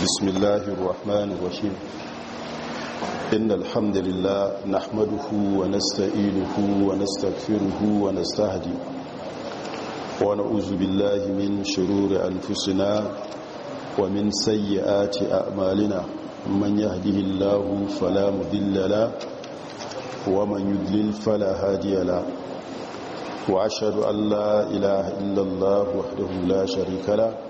بسم الله الرحمن الرحيم إن الحمد لله نحمده ونستعينه ونستغفره ونستهدي ونعوذ بالله من شرور أنفسنا ومن سيئات أعمالنا من يهده الله فلا مذل له ومن يدلل فلا هادي له وأشهد أن لا إله إلا الله وحده لا شريك له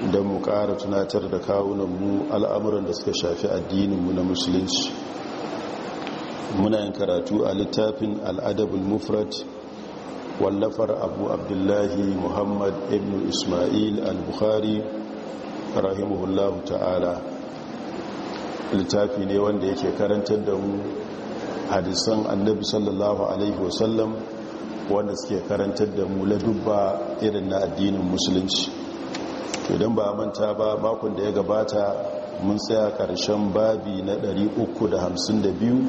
don mu ƙara tunatar da kawunan mu al'amuran da suka shafi addininmu na musulunci muna yin karatu a littafin al'adabul mufrat wallafar abu abdullahi muhammad ibn ismail al-bukhari rahimahullahu ta'ala littafi ne wanda yake karantar da mu hadisan annabi sallallahu alaihi wasallam wanda suke karantar da mu ladubba irin na addinin musulunci idan ba manta ba makon da ya gabata mun tsaya karshen babi na 352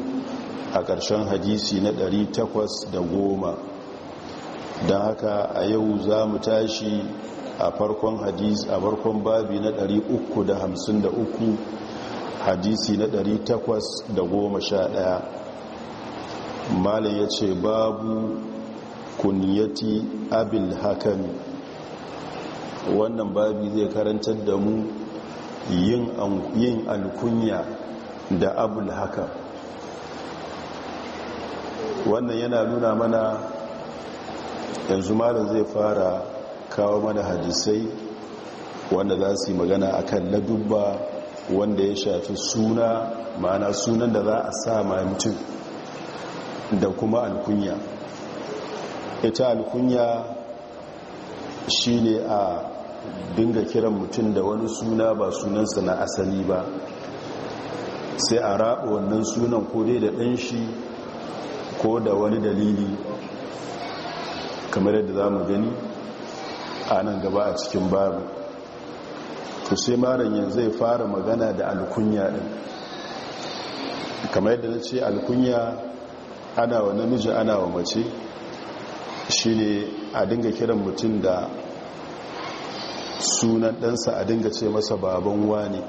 a karshen hadisi na 810 don haka a yau za mu tashi a farkon hadisi a farkon babi na 353 hadisi na 811 malin ya ce babu kuniyati abin hakami wannan babi zai karantar da mu yin alkunya da abul haka wannan yana nuna mana yanzu malam zai fara kawo mana hadisai wanda za su yi magana akan na dubba wanda ya shafi suna ma'ana sunan da za a sa mutum da kuma alkunya ita alkunya shine a dinga kiran mutum da wani suna ba sunansa na asali ba sai a raɓa wannan sunan ko dai da ɗanshi ko da wani dalili kamar yadda za mu gani a nan gaba a cikin babu to sai maran yanzu zai fara magana da alkunya ɗin kamar yadda na ce alkunya ana wa namiji ana wa mace shi ne a dinga kiran mutum da sunan ɗansa a dinga ce masa baban wani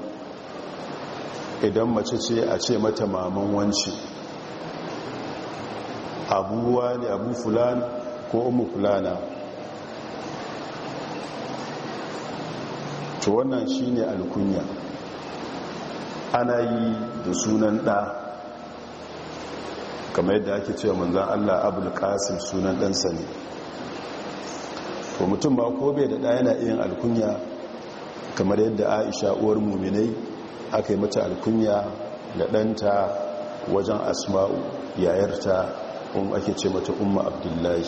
idan mace ce a ce mata maman wance abu wani abu fulani ko umu fulana to wannan shine alkunya ana yi da sunan ɗa kamar yadda ake cewa manzan allah abul sunan ɗansa ne to mutum ba ko bai da ɗaya yana iya alkunya kamar yadda aisha uwar muminai aka yi mata alkunya da ɗanta wajen asma'u yayarta um ake ce mata umma abdullahi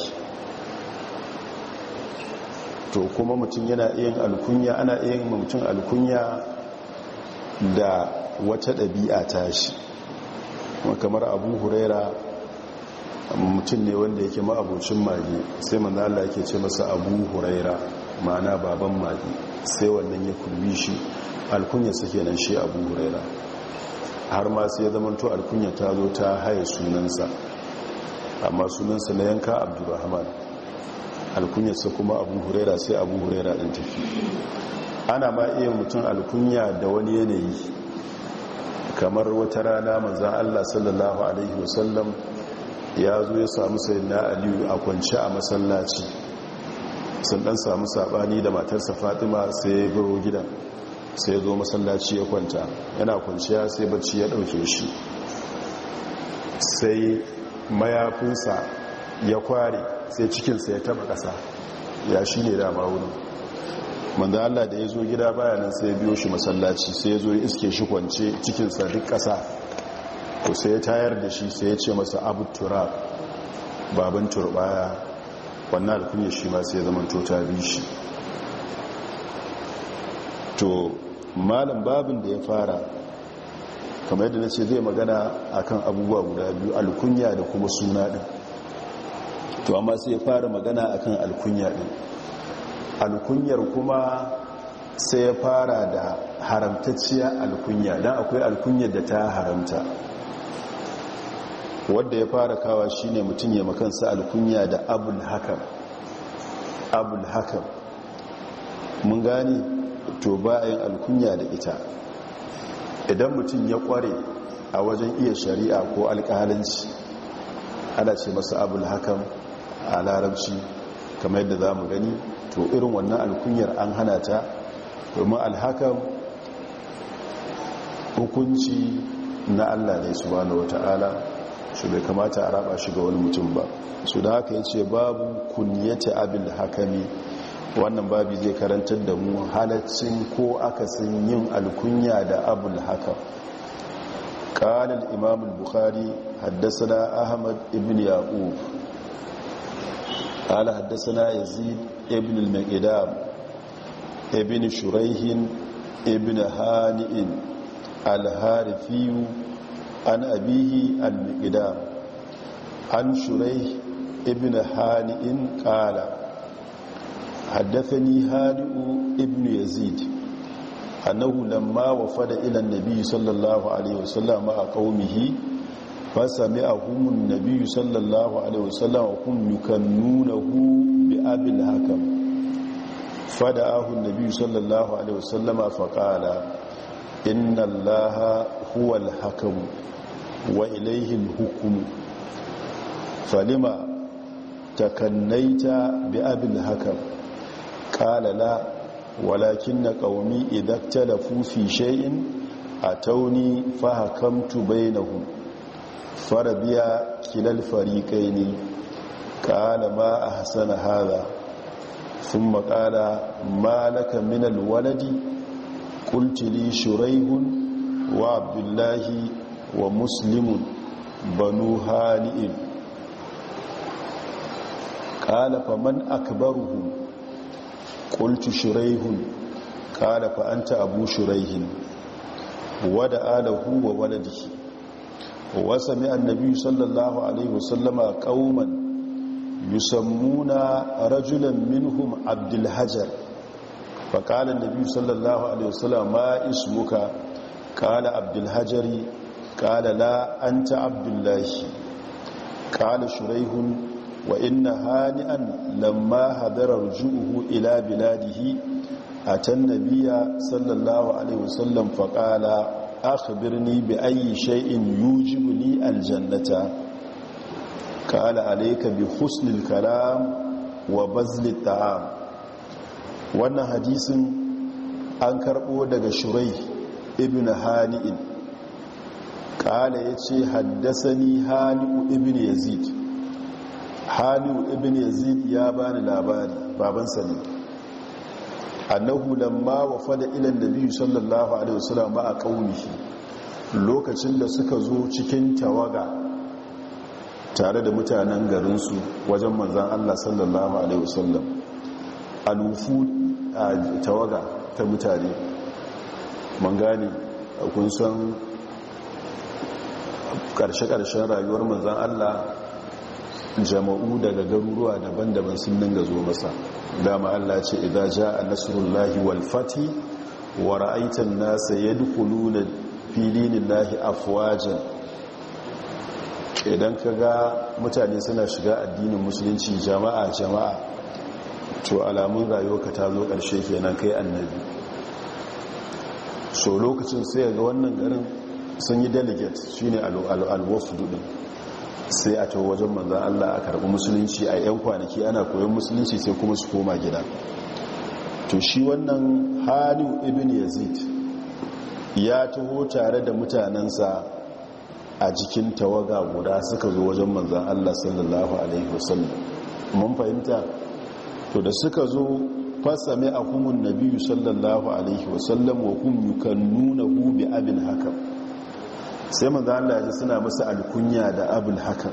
to kuma mutum yana iya alkunya ana iya mutum alkunya da wata ɗabi'a tashi kamar abu huraira mutum ne wanda yake ma'abucin mage sai manzala yake ce masa Abu Huraira ma'ana baban mage sai wannan ya kurbi shi alkunya suke nan shi Abu Huraira har ma sai ya zama to alkunya ta zo ta haya sunansa amma sunansa na yanka Alkunya sai kuma Abu Huraira sai Abu Huraira din tafi ana ma iya mutum alkunya da wani yanayi kamar wata rana manzan Allah sallallahu Alaihi wasallam ya zo ya samu na aliyu a kwanci a masallaci sun dan samu sabani da matarsa fatima sai ya baro gidan sai ya zo masallaci ya kwanta yana kwanciya sai bacci ya dauke shi sai mayafinsa ya kware sai cikinsa ya taba kasa ya shi ne dama wuri manzo Allah da ya zo gida baya nan sai ya biyo shi masallaci sai ya zo ya iske shi kwance cikinsa duk kasa to sai ya tayar da shi sai ya ce masa abu tura baban turbaya wannan alkunyar shi ma sai ya zama Tota Bishi? to malam babin da ya fara kamar yadda na ce zai magana akan abubuwa guda biyu alkunya da kuma suna ɗin to amma sai ya fara magana akan alkunya ɗin alkunyar kuma sai ya fara da haramtacciya alkunya don akwai alkunyar da ta haramta wadda ya fara kawa shi ne mutum ya makansa alkunya da abul hakam abul hakam mun gani to bayan alkunya da ita idan mutum ya kware a wajen iya shari'a ko alkalanci ana ce masa abul hakam a larabci kamar yadda za mu gani to irin wannan alkunyar an hana ta domin alhakam hukunci na allah ne subhanahu wata'ala su bai kamata a raba shiga wani mutum ba su da haka ya ce babu kunyata abin hakami wannan babu zai karantar da mu halaccin ko aka sun yin alkunya da abul hakam na Bukhari, ibn حدثنا ala haddasa na yazid حدثنا Ibn ابن Ibn ابن Ibn ابن al الهارفي an abihi al-gida an shurai ibn hali'in kala haddafani hali'u ibn yazid annahu lamma wafada ila nabiyyi sallallahu alaihi wasallam a qaumihi fa sami'ahu an-nabiyyu sallallahu alaihi wasallam wa kum yukannunahu bi abil hakam fada'ahu an-nabiyyu sallallahu alaihi wasallam fa qala inna allaha huwa al-hakam wa ilaihin hukumu falima takannaita bi abin hakan kalala walakin na ƙaumi idan talafu fi sha'in a tauni fahakamtu fara farabiya kilal fariƙai ne ƙala ma a hasana haza sun maƙala malaka minal waladi ƙultili shuraihun wa abdullahi wa muslimun banu hani'in ƙala fa man akbaruhu ƙultu shiraihun ƙala fa an ta abu shiraihin wada alahu wa waladihi wasa mai annabi sallallahu alaihi wasallama ƙauman yusammuna rajulan minhum abdulhajar فقال النبي صلى الله عليه وسلم ما اسمك قال عبد الحجري kala la an ta abdullahi kala shuraihun wa inna hani'an lamma hadarar ju'uhu ila biladihi a tan nabiya sallallahu alaihi wasallam faƙala akhbirni bi ayi shay'in yujibu li aljannata kala alaika bi husnil kalam wa bazlit ta'am wannan hadisin an karɓo daga shuraih ibn hani'in kala ya ce haddasani hannu ibn yazid haliu ibn yazid ya bani labari babansa ne annahu lamma wafa da ilan da biyu sallallahu alaihi wasallam ba a ƙaunishi lokacin da suka zo cikin tawaga tare da mutanen garinsu wajen manzan Allah sallallahu Alaihi wasallam alufu a tawaga ta mutane man a kun san karshe-karshen rayuwar manzan Allah jama'u daga garuruwa daban-daban sun dinga zo masa dama Allah ce idan ja a lahi walfati wa ra'aitan nasa ya dukulu na filinin lahi afuwajen idan ka ga mutane suna shiga addinin musulunci jama'a jama'a to alamun rayuwa ta zo ƙarshe kenan kai annabi so lokacin sai ga wannan garin sun yi delegate shi al-wafd din sai a tawo wajen manzan Allah a karɓi musulunci a 'yan kwanaki ana koyon musulunci sai kuma su koma gida to shi wannan haliu ibn yazid ya taho tare da mutanensa a jikin tawaga guda suka zo wajen manzan Allah sallallahu alaihi wasallam mun fahimta to da suka zo fasame a hukumun nabiyu sallallahu alaihi wasallam wa kun kan nuna hu bi abin hakan sai manzo Allah ya suna masa alkunya da abul hakan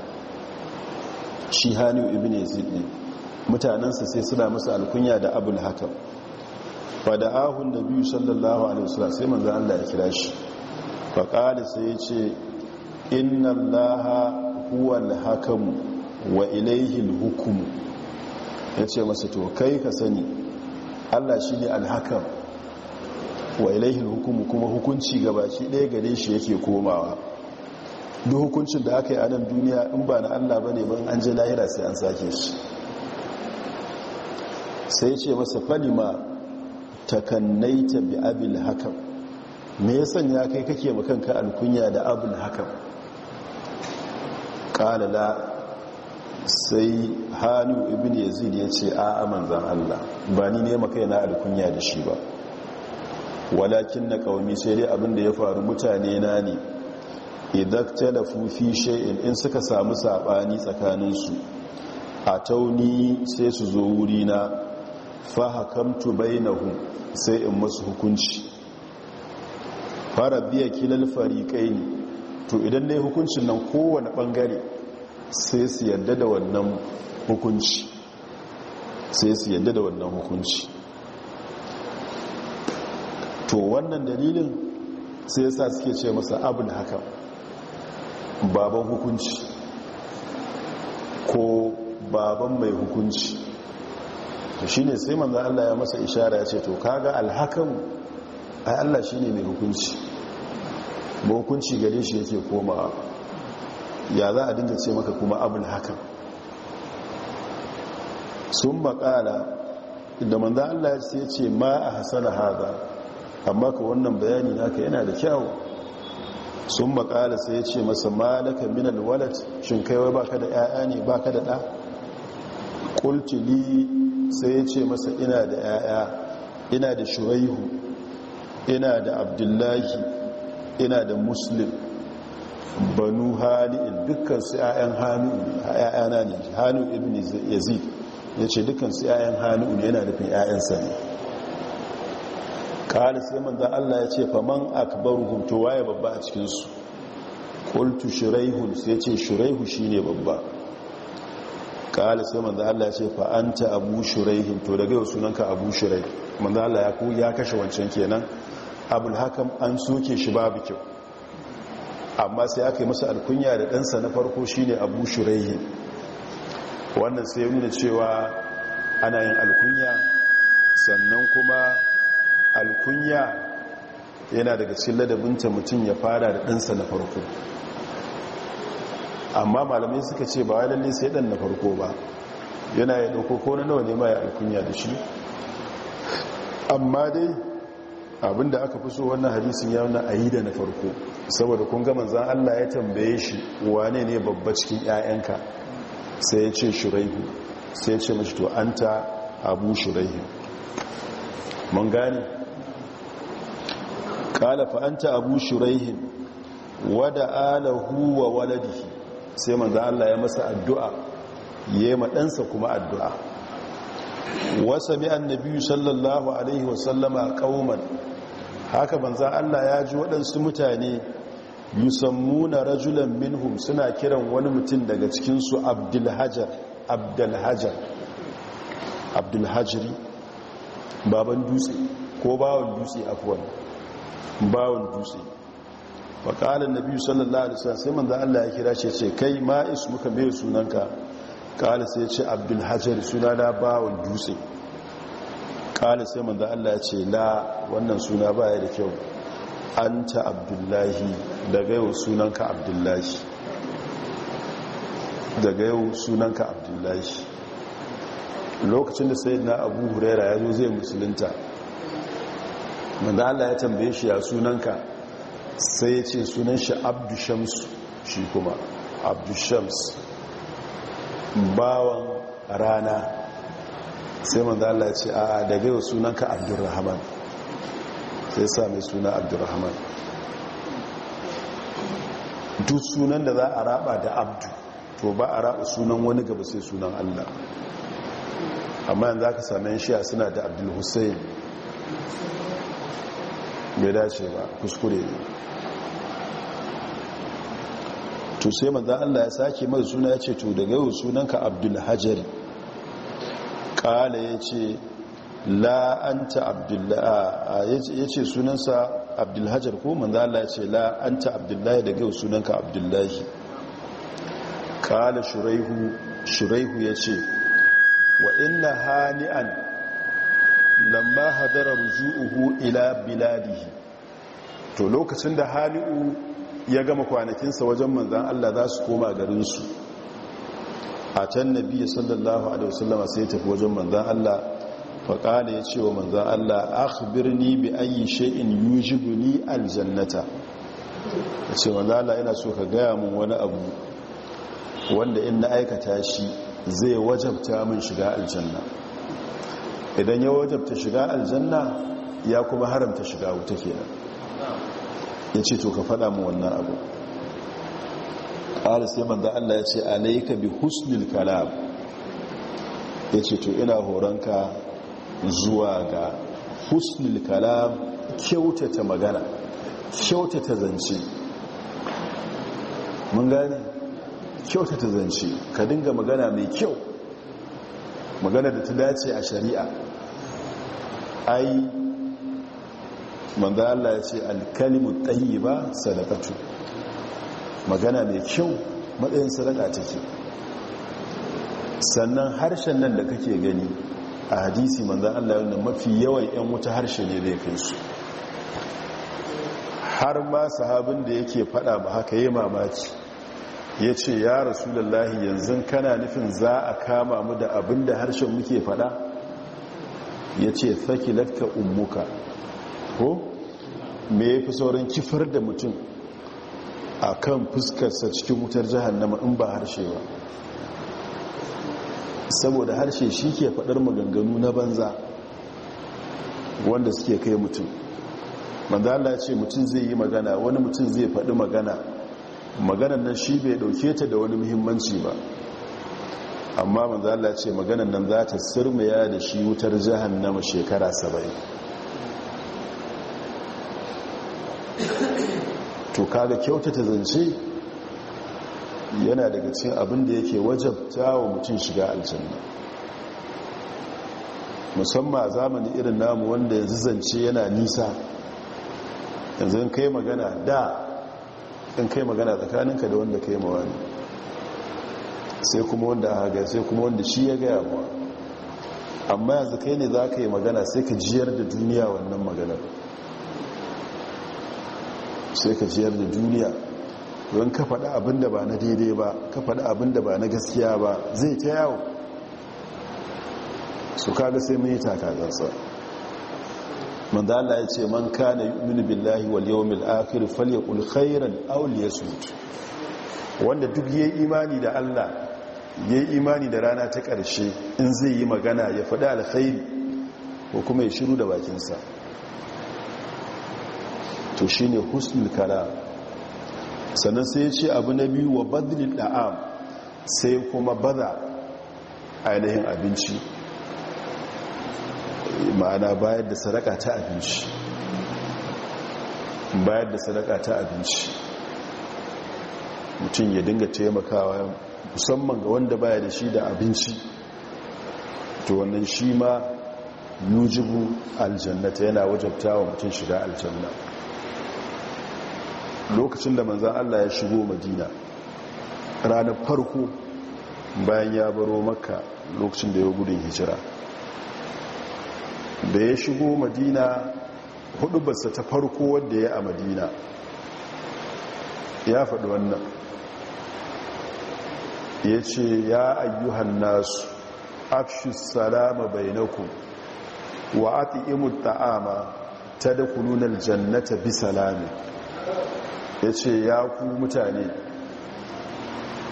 shi haniu ibn yazid ne mutanansa sai suna masa alkunya da abul hakan da ahun nabi sallallahu alaihi wasallam sai manzo Allah ya kira shi fa qala sai ya ce inna allaha huwa alhakam wa ilayhi alhukm Ya yace masa to kai ka sani Allah shine ne hakam wa ilaihi hukumu kuma hukunci ga baki ɗaya gare shi yake komawa duk hukuncin da aka yi a nan duniya in ba na allah ba ne ban an je lahira sai an sake shi sai ce masa falima takannaita bi abin hakan me ya sanya kai kake makanka alkunya da abin hakan ƙalala sai hannu ibn yazid ya ce a zan allah ba ni ne maka yana alkunya da shi ba walakin na kawami sai dai abinda ya faru mutane na ne idan talafu fi sha'in in suka samu sabani tsakaninsu a tauni sai su zo wuri na fahakamtu bai bainahu sai in masu hukunci fara biya kilal ne, to idan dai hukuncin nan kowane bangare sai su yadda sai su yadda da wannan hukunci to wannan dalilin sai yasa suke ce masa abin haka baban hukunci ko baban mai hukunci to shine sai manzo Allah ya masa ishara ya ce to kaga alhakam ai Allah shine mai hukunci ba hukunci gare shi yake komawa ya za a dinga ce maka kuma abin hakan sun baƙala da manzo Allah ya ce ma a hasana haza. amma ka wannan bayani naka yana da kyau sun makala sai ya ce masa malaka minal walat shin wai baka da 'ya'ya ne baka da ɗa kultili sai ya ce masa ina da 'ya'ya ina da shuraihu ina da abdullahi ina da muslim banu hali'in su 'ya'yan hannu ne hannu ibn yazid ya ce su 'ya'yan hannu ne yana nufin 'ya'yansa ne kala sai manzan Allah ya ce faman akbaruhum to waye babba a cikinsu. su Shiraihu sai ce shi ne babba kala sai manzan Allah ya ce fa ta abu shiraihun to daga yau sunanka abu shirai manzan Allah ya ku ya kashe wancan kenan abul hakam an soke shi babu kyau amma sai aka yi masa alkunya da ɗansa na farko shi ne abu shiraihun wannan sai nuna cewa ana yin alkunya sannan kuma alkunya yana daga cikin ladabinta mutum ya fara da ɗansa na farko amma malamai suka ce ba wani sai ɗan na farko ba yana ya ɗauko ko na nawa ne ma alkunya da shi amma dai abinda aka fi so wannan hadisin ya wuna a yi da na farko saboda kun gama zan allah ya tambaye shi wane ne babba cikin 'ya'yanka sai ya ce shuraihu sai ya ce mashi to an ta abu shuraihu mun gane kala fa'anta abu shuraihin wada alahu wa waladihi sai manzo Allah ya masa addu'a ya yi maɗansa kuma addu'a wasa mi annabi sallallahu alaihi wasallama ƙauman haka manzo Allah ya ji waɗansu mutane yusammuna rajulan minhum suna kiran wani mutum daga cikinsu abdulhajar abdulhajar abdulhajiri baban dutse ko bawan dutse afuwan bawon dutse faƙalin na biyu sallallahu alaihi wasallam sai manzan allah ya kira ce ce kai ma isu muka mai sunanka ƙala sai ce hajjari suna na bawon dutse ƙala sai manzan allah ya ce la wannan suna baya da kyau an ta abdullahi daga yau sunanka abdullahi daga yau sunanka abdullahi lokacin da sai na abu hurera ya zo zai musulunta manzo Allah ya tambaye shi ya sunanka sai ya ce sunan shi abdu shams shi kuma abdu shams bawan rana sai manzo Allah ya ce a daga yau sunanka abdurrahman sai sa mai suna abdurrahman duk sunan da za a raba da abdu to ba a raba sunan wani gaba sai sunan Allah amma yanzu aka same shi a suna da abdul hussein bai dace ba kuskure ne to sai manzan Allah ya sake mai suna ya ce to daga yau sunanka abdulhajari ƙala ya ce la'anta abdullahi ya ce sunansa abdulhajar ko manzan Allah ya ce la'anta abdullahi daga yau sunanka abdullahi ƙala shuraihu ya ce wa ina hani'an lamma hadara ruju'uhu ila biladihi to lokacin da hali'u ya gama kwanakinsa wajen manzan Allah za su koma su. a can nabi sallallahu alaihi wasallama sai tafi wajen manzan Allah faƙala ya ce wa manzan Allah akhbirni bi ayi shay'in yujibuni aljannata ya manzan Allah yana so ka gaya mun wani abu wanda in na aikata shi zai wajabta min shiga aljanna idan ya wajabta shiga aljanna ya kuma haramta shiga wuta kenan ya ce to ka faɗa mu wannan abu ƙara sai manzan Allah ya ce alaika bi husnil kalam ya ce to ina horonka zuwa ga husnil kalam kyautata magana kyautata zance mun gane kyautata zance ka dinga magana mai kyau magana da ta dace a shari'a ai manzo Allah ya ce alkalimu tayyiba sadaqatu magana mai kyau matsayin sadaka take sannan harshen nan da kake gani a hadisi manzo Allah ya mafi yawan 'yan wuta harshe ne da kai su har ma sahabin da yake fada ba haka yayi mamaci ya ce ya rasulullahi yanzu kana nufin za a kama mu da abinda harshen muke fada ya ce saki umuka ko me ya fi saurin kifar da mutum a kan fuskarsa cikin wutar jihannama in ba harshe ba saboda harshe shi ke faɗar maganganu na banza wanda suke kai mutum manzala ce mutum zai yi magana wani mutum zai faɗi magana maganan nan shi bai ɗauke ta da wani muhimmanci ba amma manzo Allah ce maganan nan za ta sirmiya da shi wutar jahannama shekara 70 to kaga kyautata zance yana daga cikin abin da yake wajabta wa mutum shiga aljanna musamman a zamani irin namu wanda yanzu zance yana nisa yanzu in kai magana da in kai magana tsakaninka da wanda kai mawani sai kuma wanda haga sai kuma wanda shi ya gaya ba amma yanzu kai ne za ka yi magana sai ka jiyar da duniya wannan maganar sai ka jiyar da duniya don ka faɗi abin da ba na daidai ba ka faɗi abin da ba na gaskiya ba zai ta yawo su kaga sai mai man da Allah ya ce man kana yu'minu billahi wal yawmil akhir falyaqul khairan aw liyasmut wanda duk yayi imani da Allah ya yi imani da rana ta ƙarshe in zai yi magana ya faɗi alkhairi ko kuma ya shiru da bakinsa to shi ne husnul kala sannan sai ya ce abu na biyu wa badlin da'am sai kuma baza ainihin abinci ma'ana bayar da sadaka ta abinci bayar da sadaka ta abinci mutum ya dinga taimakawa musamman ga wanda baya da shi da abinci to wannan shi ma yujibu aljannata yana wajabta wa mutum shiga aljanna lokacin da manzan Allah ya shigo madina ranar farko bayan ya baro maka lokacin da ya gudun hijira da ya shigo madina hudubarsa ta farko wadda ya a madina ya faɗi wannan ya ce ya ayyuhan nasu afshi salama bainakum wa ati'imut ta'ama tadkhulunal jannata bi salami Ya ce ya ku mutane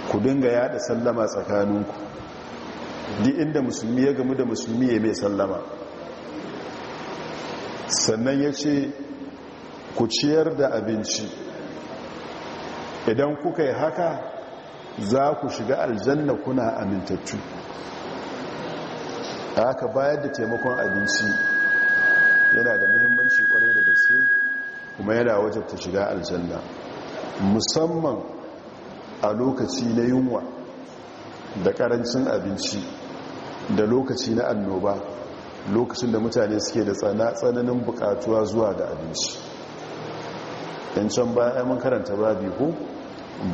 ku dinga yada sallama tsakaninku duk inda musulmi ya gamu da musulmi ya mai sallama sannan ya ce ku ciyar da abinci idan kuka yi haka za ku shiga aljanna kuna amintattu haka bayar da taimakon abinci yana da muhimmanci kwarai da gaske kuma yana wajen wajabta shiga aljanna musamman a lokaci na yunwa da karancin abinci da lokaci na annoba lokacin da mutane suke da tsananin bukatuwa zuwa ga abinci yancan can baya mun karanta babi ko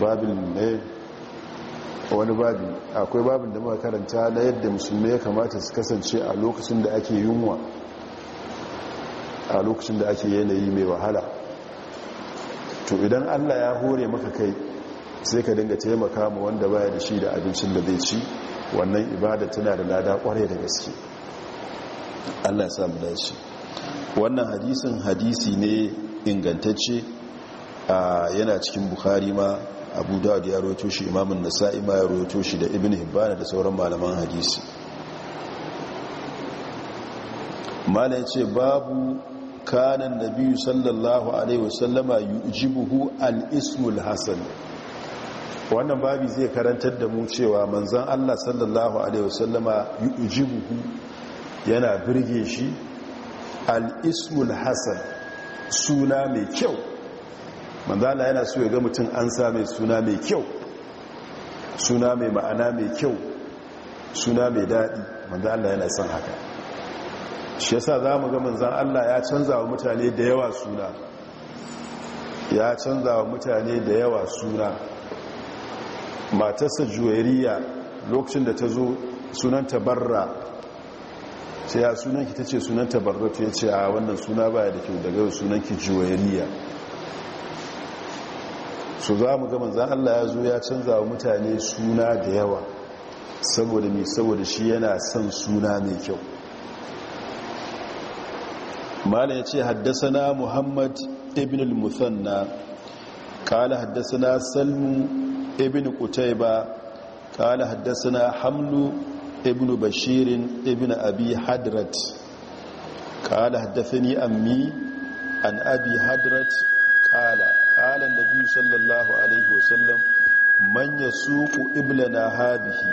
babin ne wani babi akwai babin da makaranta na yadda musulmi ya kamata su kasance a lokacin da ake yunwa a lokacin da ake yanayi mai wahala to idan allah ya hore maka kai sai ka dinga taimaka ma wanda baya da shi da abincin da zai ci wannan ibada tana da lada kwarai da gaske allah ya samu dace wannan hadisin hadisi ne ingantacce yana cikin bukari ma abu dawud ya roto shi imamun nasa'i ma ya roto shi da ibn hibbana da sauran malaman hadisi malam ce babu kanan biyu sallallahu alaihi wasallama yujibuhu al-ismul Hassan. wannan babi zai karantar da mu cewa manzan Allah sallallahu alaihi wasallama yujibuhu yana birge shi alismul Hassan suna mai kyau manzala yana so ya ga mutum an sa mai suna mai kyau suna mai ma'ana mai kyau suna mai daɗi manzala yana son haka shi yasa za mu ga manzan allah ya canza wa mutane da yawa suna ya canza wa mutane da yawa suna matarsa juwariya lokacin da ta zo sunan tabarra, sai ya sunanki ta ce sunan tabarra ta ya ce a wannan suna baya da kyau daga sunanki juwariya su za mu ga zan Allah ya zo ya canza wa mutane suna da yawa saboda mai saboda shi yana son suna mai kyau mala ya ce haddasana muhammad ibn al-musanna kala na salmu ibn kutaiba kala na hamlu ibn bashirin ibn abi hadrat kala ni ammi an abi hadrat kala ƙalan da biyu sallallahu alaihi wasallam man ya suku iblana habihi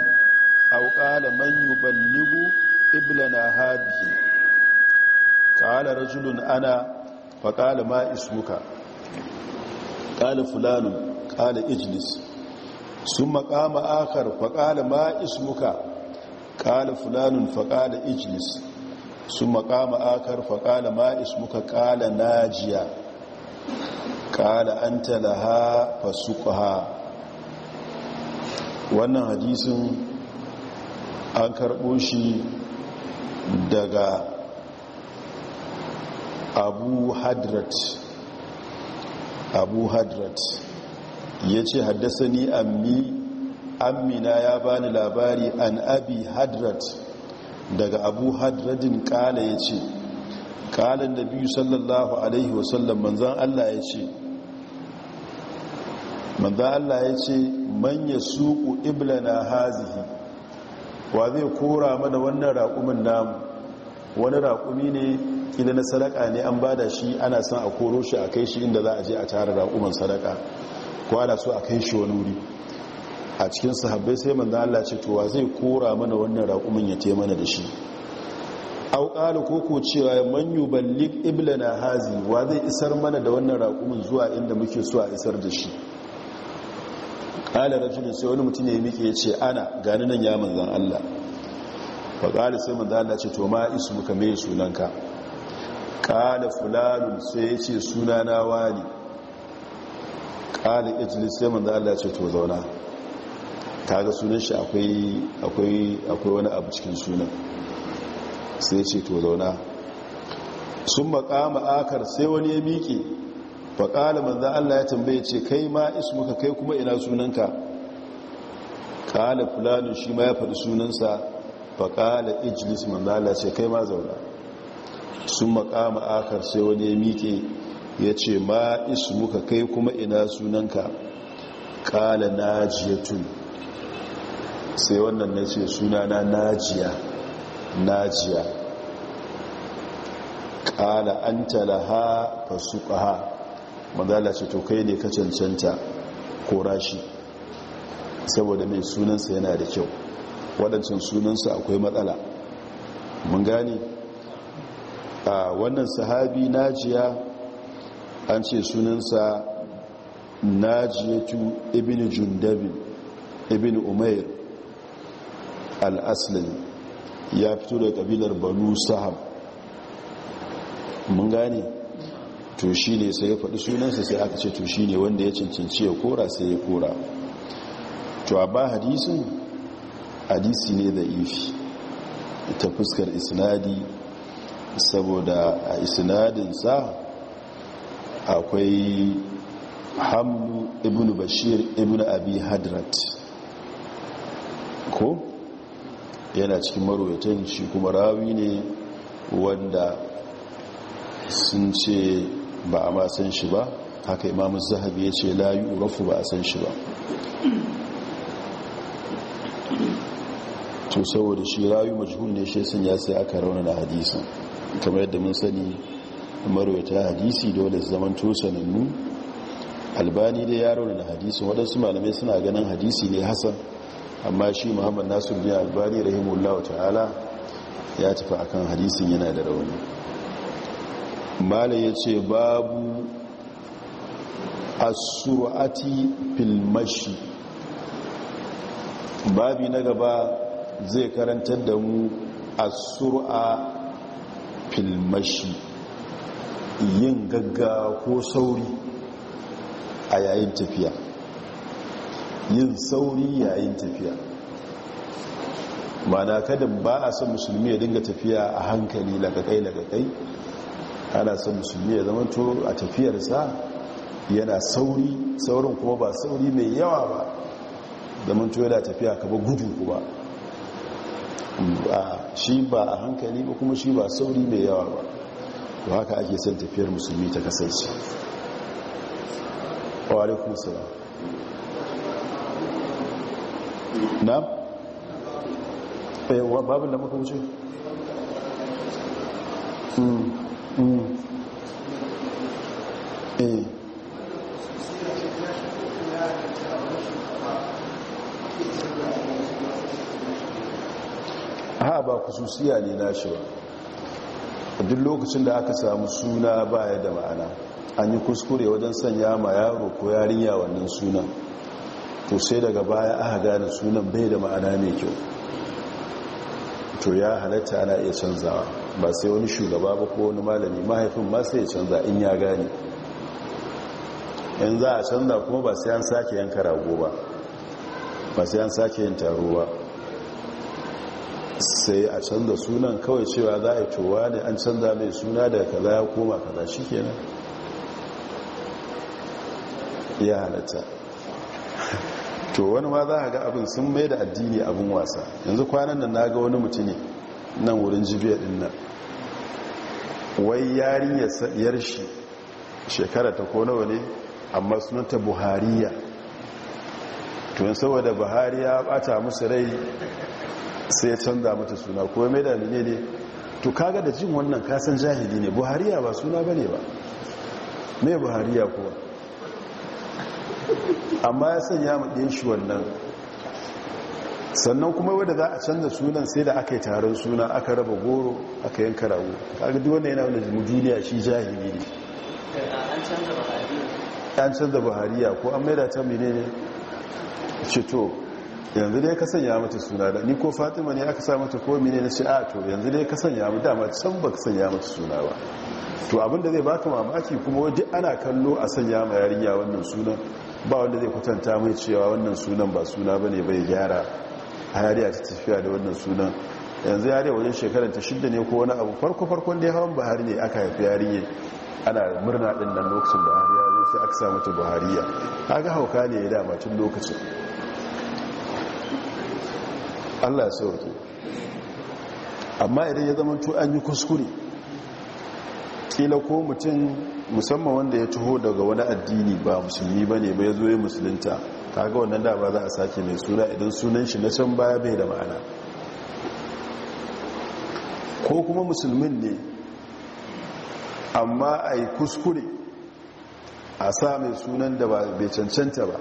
au ƙala man yi balligu iblana habihi ƙala rajulun ana faƙala ma isuka ƙala fulanun ƙala ijlis sun maƙama akar faƙala ma ismuka ƙala fulanun faƙala ijlis sun maƙama akar faƙala ma ismuka ƙala najiya ƙala an talaha ha. wannan hadisun an karɓo shi daga abu hadrat abu hadrat ya ce haddasa ni ammi ammina ya bani labari an abi hadrat daga abu hadradin kala ya ce kalin da biyu sallallahu alaihi wasallam manzan allah ya ce manzan allah ya ce manya suku suku iblana hazihi wa zai kora mana wannan raƙumin namu wani raƙumi ne idan na sadaka ne an bada shi ana san a koro shi a kai shi inda za a je a tara raƙumin sadaka ko ana so a kai shi wani wuri a cikin sahabbai sai manzan allah ce to wa zai kora mana wannan raƙumin ya te mana da shi au ko ko cewa man ibla na hazi wa zai isar mana da wannan raƙumin zuwa inda muke so a isar da shi ƙalar rajulun sai wani mutum ya miƙe ya ce ana gani nan ya manzan Allah ba ƙalar sai manzan Allah ce to ma isu muka mai sunanka ƙalar fulanun sai ya ce suna na wani ƙalar ijlis sai manzan Allah ce to zauna ga sunan shi akwai wani abu cikin sunan sai ce to zauna sun makama akar sai wani ya miƙe faƙala manzan Allah ya tambaye ce kai ma ismuka kai kuma ina sunanka ƙala fulani shi ma ya faɗi sunansa faƙala ijilis manzan Allah ce kai ma zauna sun makama akar sai wani ya miƙe ya ce ma ismuka kai kuma ina sunanka ƙala najiyatun sai wannan na ce sunana najiya najiya ƙala an talaha ha, mazala ce to kai ne ka cancanta ko rashi saboda mai sunansa yana da kyau waɗancan sunansa akwai matsala mun gane a wannan sahabi najiya an ce sunansa najiyatu ibn jundabi ibn umair al-aslami ya fito da kabilar banu sahab mun gane to shi ne sai ya faɗi sunansa sai aka ce to shi ne wanda ya cancanci ya kora sai ya kora to a ba hadisin hadisi ne da ifi ta fuskar isnadi saboda a isnadinsa akwai hamlu ibn bashir ibn abi hadrat ko yana cikin marwayatan shi kuma rawi ne wanda sun ce ba a ma san shi ba haka imamu zahabi ya ce layu urafu ba a san shi ba to saboda shi rayu majhul ne shi sun ya sai aka rauna da hadisin kamar yadda mun sani marwayata hadisi dole zaman to sanannu albani dai ya rauna na hadisi waɗansu malamai suna ganin hadisi ne hasan amma shi muhammad nasir bin albari rahimullahu ta'ala ya tafi akan hadisin yana da rauni mala ya ce babu asurati filmashi babi na gaba zai karantar da mu asura filmashi yin gaggawa ko sauri a yayin tafiya yin sauri yayin tafiya mana kada ba a son musulmi ya dinga tafiya a hankali lagakai lagakai ana son musulmi ya zama to a tafiyarsa yana sauri saurin kuma ba sauri mai yawa ba zaman to yana tafiya kaba gudu kuma shi ba a hankali ba kuma shi ba sauri mai yawa ba to haka ake son tafiyar musulmi ta kasance wa salam na? Eh, babin da muka wuce? Hmm, hmm. Eh. ha ba kususiya ne na shi ba duk lokacin da aka samu suna baya da ma'ana an yi kuskure wajen sanya ma yaro ko yarinya wannan sunan to sai daga baya aka gane sunan bai da ma'ana mai kyau to ya halatta ana iya canzawa ba sai wani shugaba ba ko wani malami mahaifin ma sai ya canza in ya gane in za a canza kuma ba sai an sake yanka rago ba ba sai an sake yin taro ba sai a canza sunan kawai cewa za a yi towa ne an canza mai suna daga kaza ya koma kaza shi kenan ya halatta to wani ma za a ga abin sun mai da addini abin wasa yanzu kwanan nan na ga wani mutum nan wurin jibiya din nan wai yarinyar yar shi shekara ta ko nawa ne amma sunanta buhariya to yin saboda Buhariya ya bata musu rai sai ya canza mata suna ko mai da ne ne to kaga da jin wannan kasan jahili ne buhariya ba suna bane ba mai buhariya kuwa amma ya sanya maɗe shi wannan sannan kuma wadda za a canza sunan sai da aka yi taron suna aka raba goro aka yanka rago kaga duk wanda yana wani mudiliya shi jahili ne an canza buhariya ko an maida ta mine ne to yanzu dai ka sanya mata suna da ni ko fatima ne aka sa mata ko mine na shi? a to yanzu dai ka sanya mata dama can ba ka sanya mata suna ba to abinda zai baka mamaki kuma waje ana kallo a sanya ma yarinya wannan sunan ba wanda zai kwatanta mai cewa wannan sunan ba suna ba ne bai gyara hayariya ta tafiya da wannan sunan yanzu yare wajen shekarar ta shidda ne ko wani abu farko-farkon da ya hawan buhari ne aka haifi yariye ana murna ɗin nan lokacin buhari ya zai sai aka sa mata buhariya ga hauka ne ya dama tun lokacin allah ya sauke amma idan ya zama tu an yi kuskure kila ko mutum musamman wanda ya tuho daga wani addini ba musulmi ba ne ba ya zo ya musulunta wannan da ba za a sake mai suna idan sunan shi na can baya bai da ma'ana ko kuma musulmin ne amma a yi kuskure a sa mai sunan da ba bai cancanta ba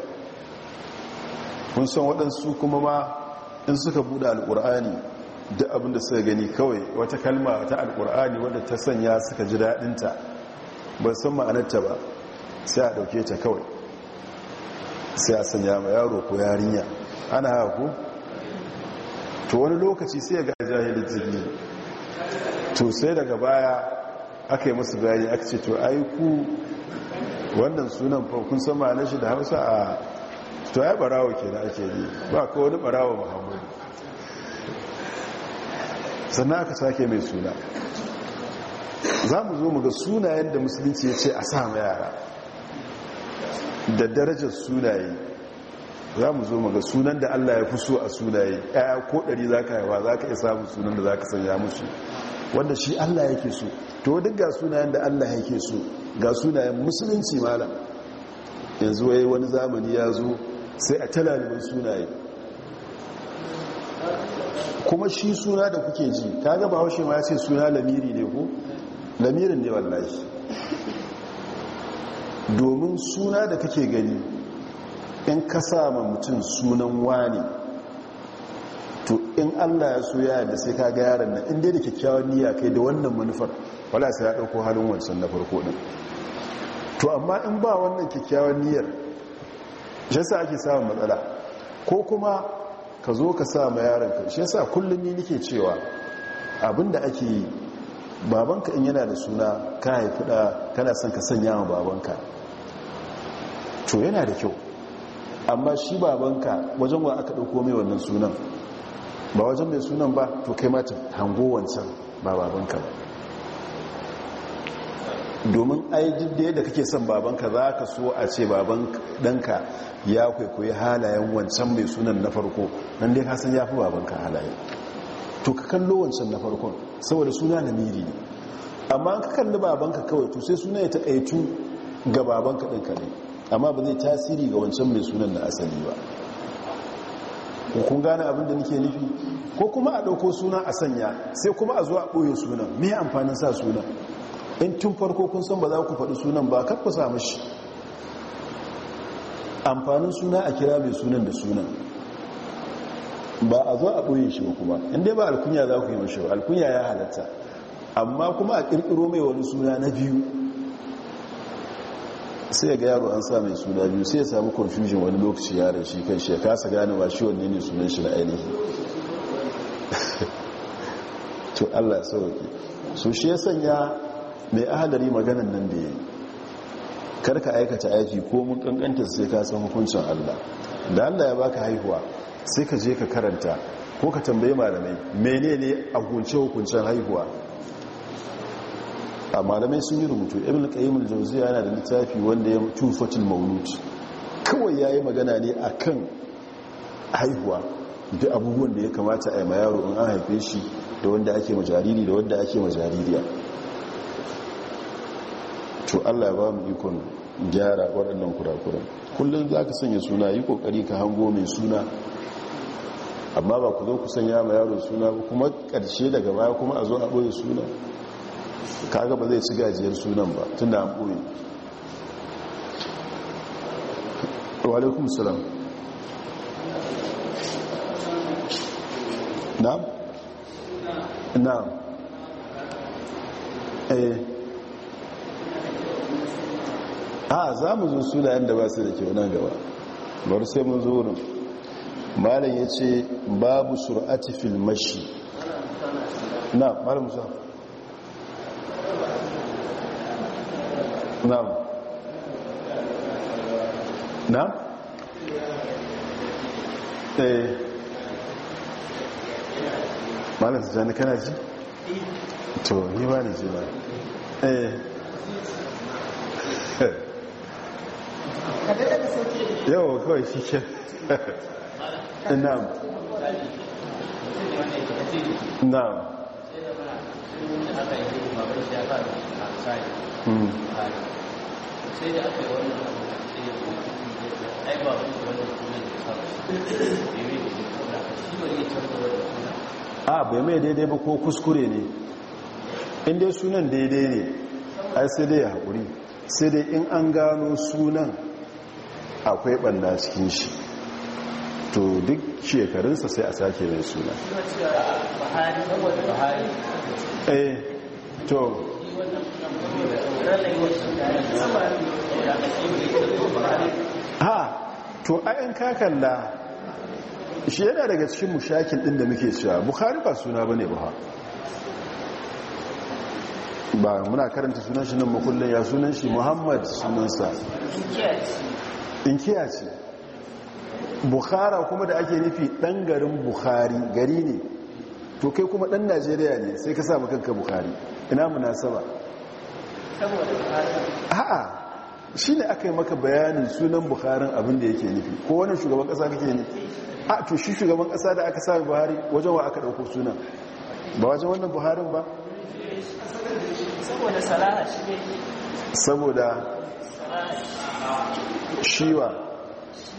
kun san waɗansu kuma ma in suka buɗe al'ur'ani duk abinda suka gani kawai wata kalma ta al'ur'ani wadda ta sanya suka ji daɗinta ba san ma'anarta ba sai a dauke ta kawai sai a sanya ma yaro ko yarinya ana haku to wani lokaci sai ga jahilin jirgi to sai daga baya aka yi masu bayani aka ce to aiku wannan sunan farkon sama na shi da hausa a to ya barawo ke da ake yi ba ka wani barawo muhammadu sannan aka sake mai suna za mu zo mu ga sunayen da musulunci ya ce a ma yara da darajar sunaye za mu zo mu ga sunan da allah ya fi so a sunaye ɗaya ko ɗari za ka yawa za ka iya samun sunan da za ka sanya musu wanda shi allah yake so to duk ga sunayen da allah yake so ga sunayen musulunci malam yanzu wai wani zamani ya zo sai a talaliban sunaye kuma shi suna da kuke ji kaga ba haushe ma ya ce suna lamiri ne ko lamirin ne wallahi domin suna da kake gani in ka sama mutum sunan wani to in allah ya so ya da sai ka ga yaran nan inda da kyakkyawan niyya kai da wannan manufar wala sai ya ɗauko halin wancan na farko ɗin to amma in ba wannan kyakkyawan niyyar shi yasa ake samun matsala ko kuma ka zo ka sa ma ka, shi sa kullum ni nake cewa abinda ake yi babanka in yana da suna ka haifi da kana son ka sanya wa babanka to yana da kyau amma shi babanka wajen wa aka ɗauko mai wannan sunan ba wajen mai sunan ba to kai mata hango wancan ba babanka ba domin ai da yadda kake son babanka za ka so a ce baban ɗanka ya kwaikwayi halayen wancan mai sunan na farko nan dai kasan ya fi babanka halaye to ka kallo wancan na farkon saboda suna ne amma an kalli babanka kawai to sai suna ya taƙaitu ga babanka ɗin kaɗai amma ba zai tasiri ga wancan mai sunan na asali ba kun gane abin da nake nufi ko kuma a ɗauko suna a sanya sai kuma a zuwa ɓoye sunan me amfanin sa sunan in tun farko kun san ba za ku faɗi sunan ba ku samu shi amfanin suna a kira mai sunan da sunan ba a zo a ɓoye shi ba kuma inda ba alkunya za ku yi mashi alkunya ya halatta amma kuma a ƙirƙiro mai wani suna na biyu sai ga yaro an sa mai suna biyu sai ya samu confusion wani lokaci yaron shi kan shi ya kasa gane ba shi wanne ne sunan shi na ainihi to allah ya sauki so shi ya sanya mai ahadari maganan nan da ya yi karka aikata aiki ko mun kankanta sai ka san hukuncin allah da allah ya baka haihuwa sai ka je ka karanta ko ka tambayi malamai menene a gunce hukuncen haihuwa a malamai sun yi rubutu ibn Kayyim al yana da littafi wanda ya tufatul maulud kawai yayi magana ne a kan haihuwa da abubuwan da ya kamata a yi ma yaro in an haife shi da wanda ake ma da wanda ake ma to Allah ya ba mu ikon gyara waɗannan kurakuran kullum za ka sanya suna yi ƙoƙari ka hango mai suna amma ba ku zo ku sanya ma yaro suna ba kuma ƙarshe daga baya kuma a zo a ɓoye suna kaga ba zai ci gajiyar sunan ba tun da an ɓoye walaikum salam na? na eh a ah, za mu zo suna yadda ba su da kyau nan gaba bari sai mun zo wurin malam ya ce babu sur'ati fil mashi na malam musa na na eh malam zane kana ji to ni ba ni ji ba eh yau kawai shi ke na'am a hmm. ah, bai mai daidai ba ko kuskure ne in dai sunan daidai ne ai sai dai haƙuri sai dai in an gano sunan akwai ɓanda cikin shi to duk shekarunsa sai a sake mai suna eh, to ha to ayan kakalla shi yana daga cikin mushakin din da muke cewa bukari ba suna ba ne ba ba muna karanta sunan shi nan makullai ya sunan shi muhammad sunansa inkiya ce bukhara kuma da ake nufi ɗan garin bukhari gari ne to kai kuma ɗan najeriya ne sai ka sa kanka bukhari ina munasaba a'a shi ne aka yi maka bayanin sunan bukharin abin yake nufi ko wani shugaban kasa kake nufi a to shi shugaban kasa da aka sa buhari wajen wa aka ɗauko sunan ba wajen wannan buharin ba saboda salaha shi ne saboda shiwa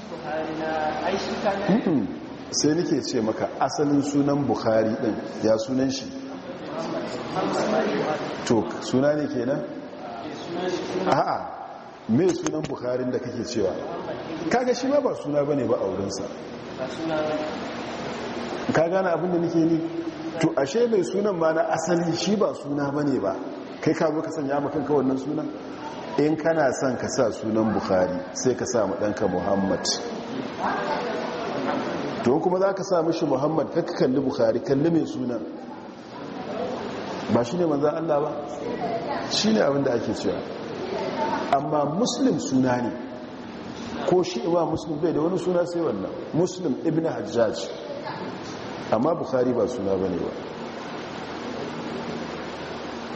Hmm, sai nake ce maka asalin sunan bukhari din ya sunan shi to suna ne kenan a'a me sunan bukharin da kake cewa kaga shi ma ba suna bane ba wurinsa? ka gane abin da nake ni to ashe mai sunan ma na asali shi ba suna bane ba kai ka zo ka sanya maka kanka wannan sunan in kana son ka sa sunan bukhari sai ka sa maɗanka muhammad to kuma za ka sa mashi muhammad ka kalli bukhari kalli mai sunan ba shi ne manzan allah ba shi ne abinda ake cewa amma muslim suna ne ko shi ba muslim bai da wani suna sai wannan muslim ibn hajjaj amma bukhari ba suna ba ne ba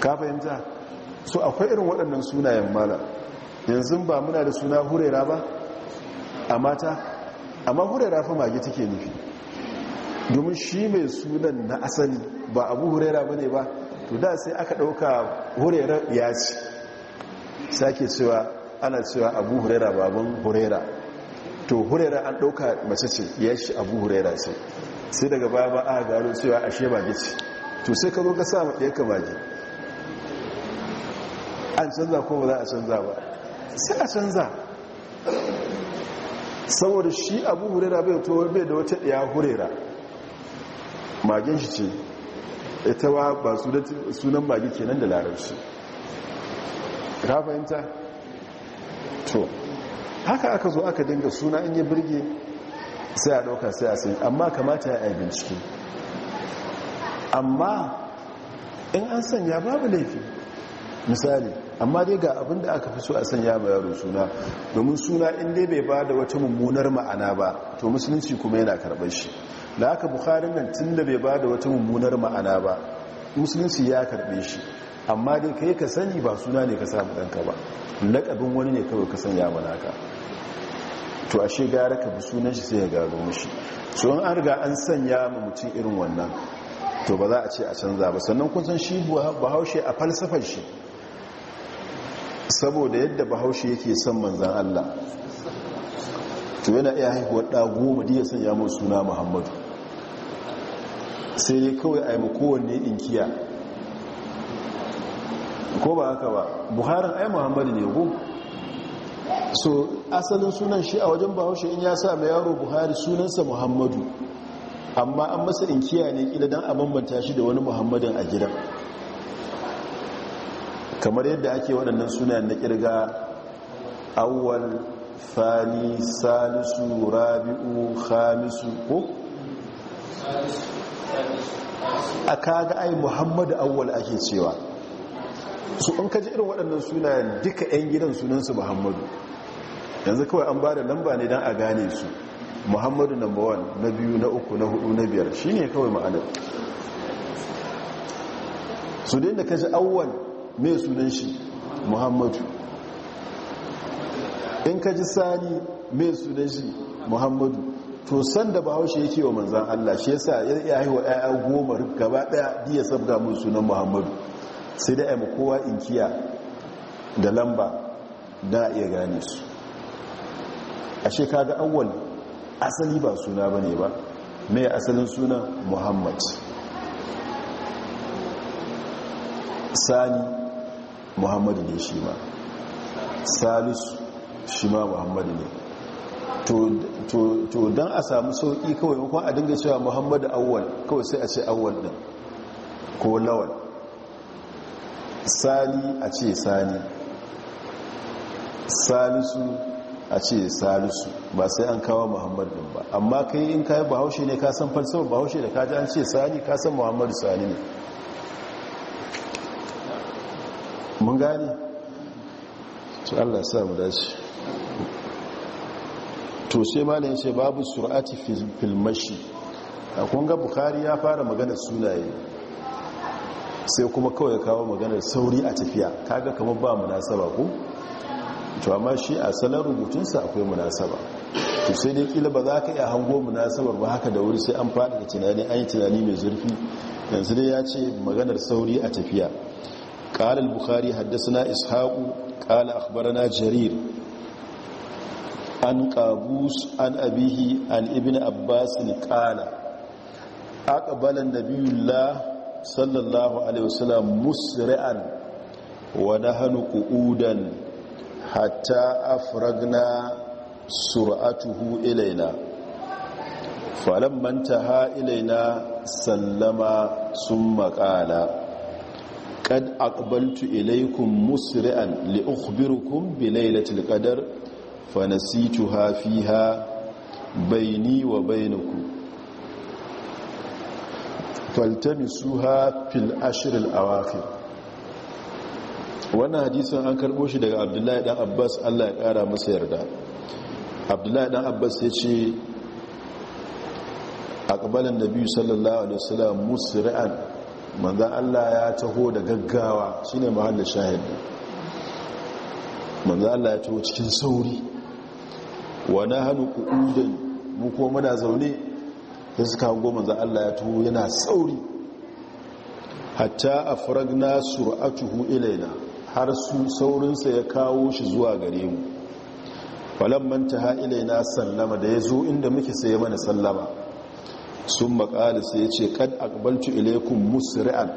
ka fahimta so akwai irin waɗannan sunayen mala yanzu ba muna da suna hurera ba a mata amma hurera fa mage take nufi domin shi mai sunan na asali ba abu hurera ba ne ba to da sai aka ɗauka hurera ya ce sake cewa ana cewa abu hurera baban hurera to hurera an ɗauka mace ce ya ce abu hurera sai sai daga baya ba a gano cewa ashe magi ce to sai ka zo ka sa maɗaya ka mage an canza ko za a canza ba sai a canza saboda shi abu hurera bai bai da wata ɗaya hurera magin shi ce ita wa ba sunan magi kenan da larabci ka fahimta to haka aka zo aka dinga suna in yi birge sai a ɗauka sai a sai amma kamata ya yi bincike amma in an sanya babu laifi misali amma dai ga abin da aka fi so a sanya ma yaro suna domin suna in dai bai ba da wata mummunar ma'ana ba to musulunci kuma yana karɓar shi da haka bukharin nan tun da bai ba da wata mummunar ma'ana ba musulunci ya karɓe shi amma dai kai ka sani ba suna ne ka samu ɗanka ba laƙabin wani ne kawai ka sanya mana ka to ashe gara ka bi sunan shi sai ya gano shi so an arga an sanya ma mutum irin wannan to ba za a ce a canza ba sannan kun shi bahaushe a falsafar shi saboda yadda bahaushe yake son manzan Allah to yana iya haihuwar ɗa goma da ya sanya mun suna muhammadu sai dai kawai a yi kowanne inkiya ko ba haka ba buharin ai muhammadu ne go? so asalin sunan shi a wajen bahaushe in ya sa mai yaro buhari sunansa muhammadu amma an masa inkiya ne kila don a bambanta shi da wani muhammadin a gidan kamar yadda ake waɗannan suna na kirga awwal fani salisu rabi'u khamisu ko a kaga ai muhammadu awwal ake cewa su an kaji irin waɗannan sunayen duka 'yan gidan sunansu muhammadu yanzu kawai an ba da lamba ne don a gane su muhammadu number one na biyu na uku na hudu na biyar shi ne kawai ma'anar su da kaji awwal mai sunan shi muhammadu in ka ji sani mai sunan shi muhammadu to sanda bahaushe yake wa manzan Allah shi yasa ya wa yaya goma gaba ɗaya diya sabga mun sunan muhammadu sai da aima kowa in kiya da lamba da iya gane su ashe kaga awwal asali ba suna ba ne ba mai asalin sunan Muhammadu sani muhammadu ne shi ma salisu shi ma muhammadu ne to don a samu sauƙi kawai makon a dinga cewa muhammadu awwal kawai sai a ce awwal ɗin ko lawal sani a ce sani salisu a ce salisu ba sai an kawo muhammadu ɗin ba amma kai in kayi bahaushe ne ka san bahaushe da kaji an ce sani ka san muhammadu sani ne mun gane to allah sa mu dace to sai malayin ce babu sur'ati filmashi a kunga bukari ya fara magana sunaye sai kuma kawai kawo maganar sauri a tafiya kaga kamar ba munasaba ko to amma shi a salon rubutunsa akwai munasaba to sai dai kila ba za ka iya hango munasabar ba haka da wuri sai an faɗi da tunani an tunani mai zurfi yanzu dai ya ce maganar sauri a tafiya قال البخاري حدثنا إسحاق قال أخبرنا جرير عن قابوس عن أبيه عن ابن عباس قال أقبل النبي الله صلى الله عليه وسلم مسرعا ونهن قعودا حتى أفرغنا سرعته إلينا فلما انتهى إلينا سلم ثم قال kad aqbaltu ilaykum musri'an li ukhbirukum bi lailatul ƙadar fa nasituha fiha bayni wa bainakum faltamisuha fil ashr al awakhir wannan hadisin an karbo shi daga Abdullahi dan Abbas Allah ya kara masa yarda Abdullahi dan Abbas yace aqbalan nabiyyu sallallahu alaihi wasallam musri'an manzan allah ya taho da gaggawa shine mahallin shahidi manzan allah ya taho cikin sauri wa na hannu ku'udan mu kuma muna zaune ya suka hango manzan allah ya taho yana sauri hatta a faragna sur'atuhu ilaina har su saurinsa ya kawo shi zuwa gare mu falon manta ha ilaina sallama da ya zo inda muke sai mana sallama sun makali sai ce kad akbaltu ilaikum musri'an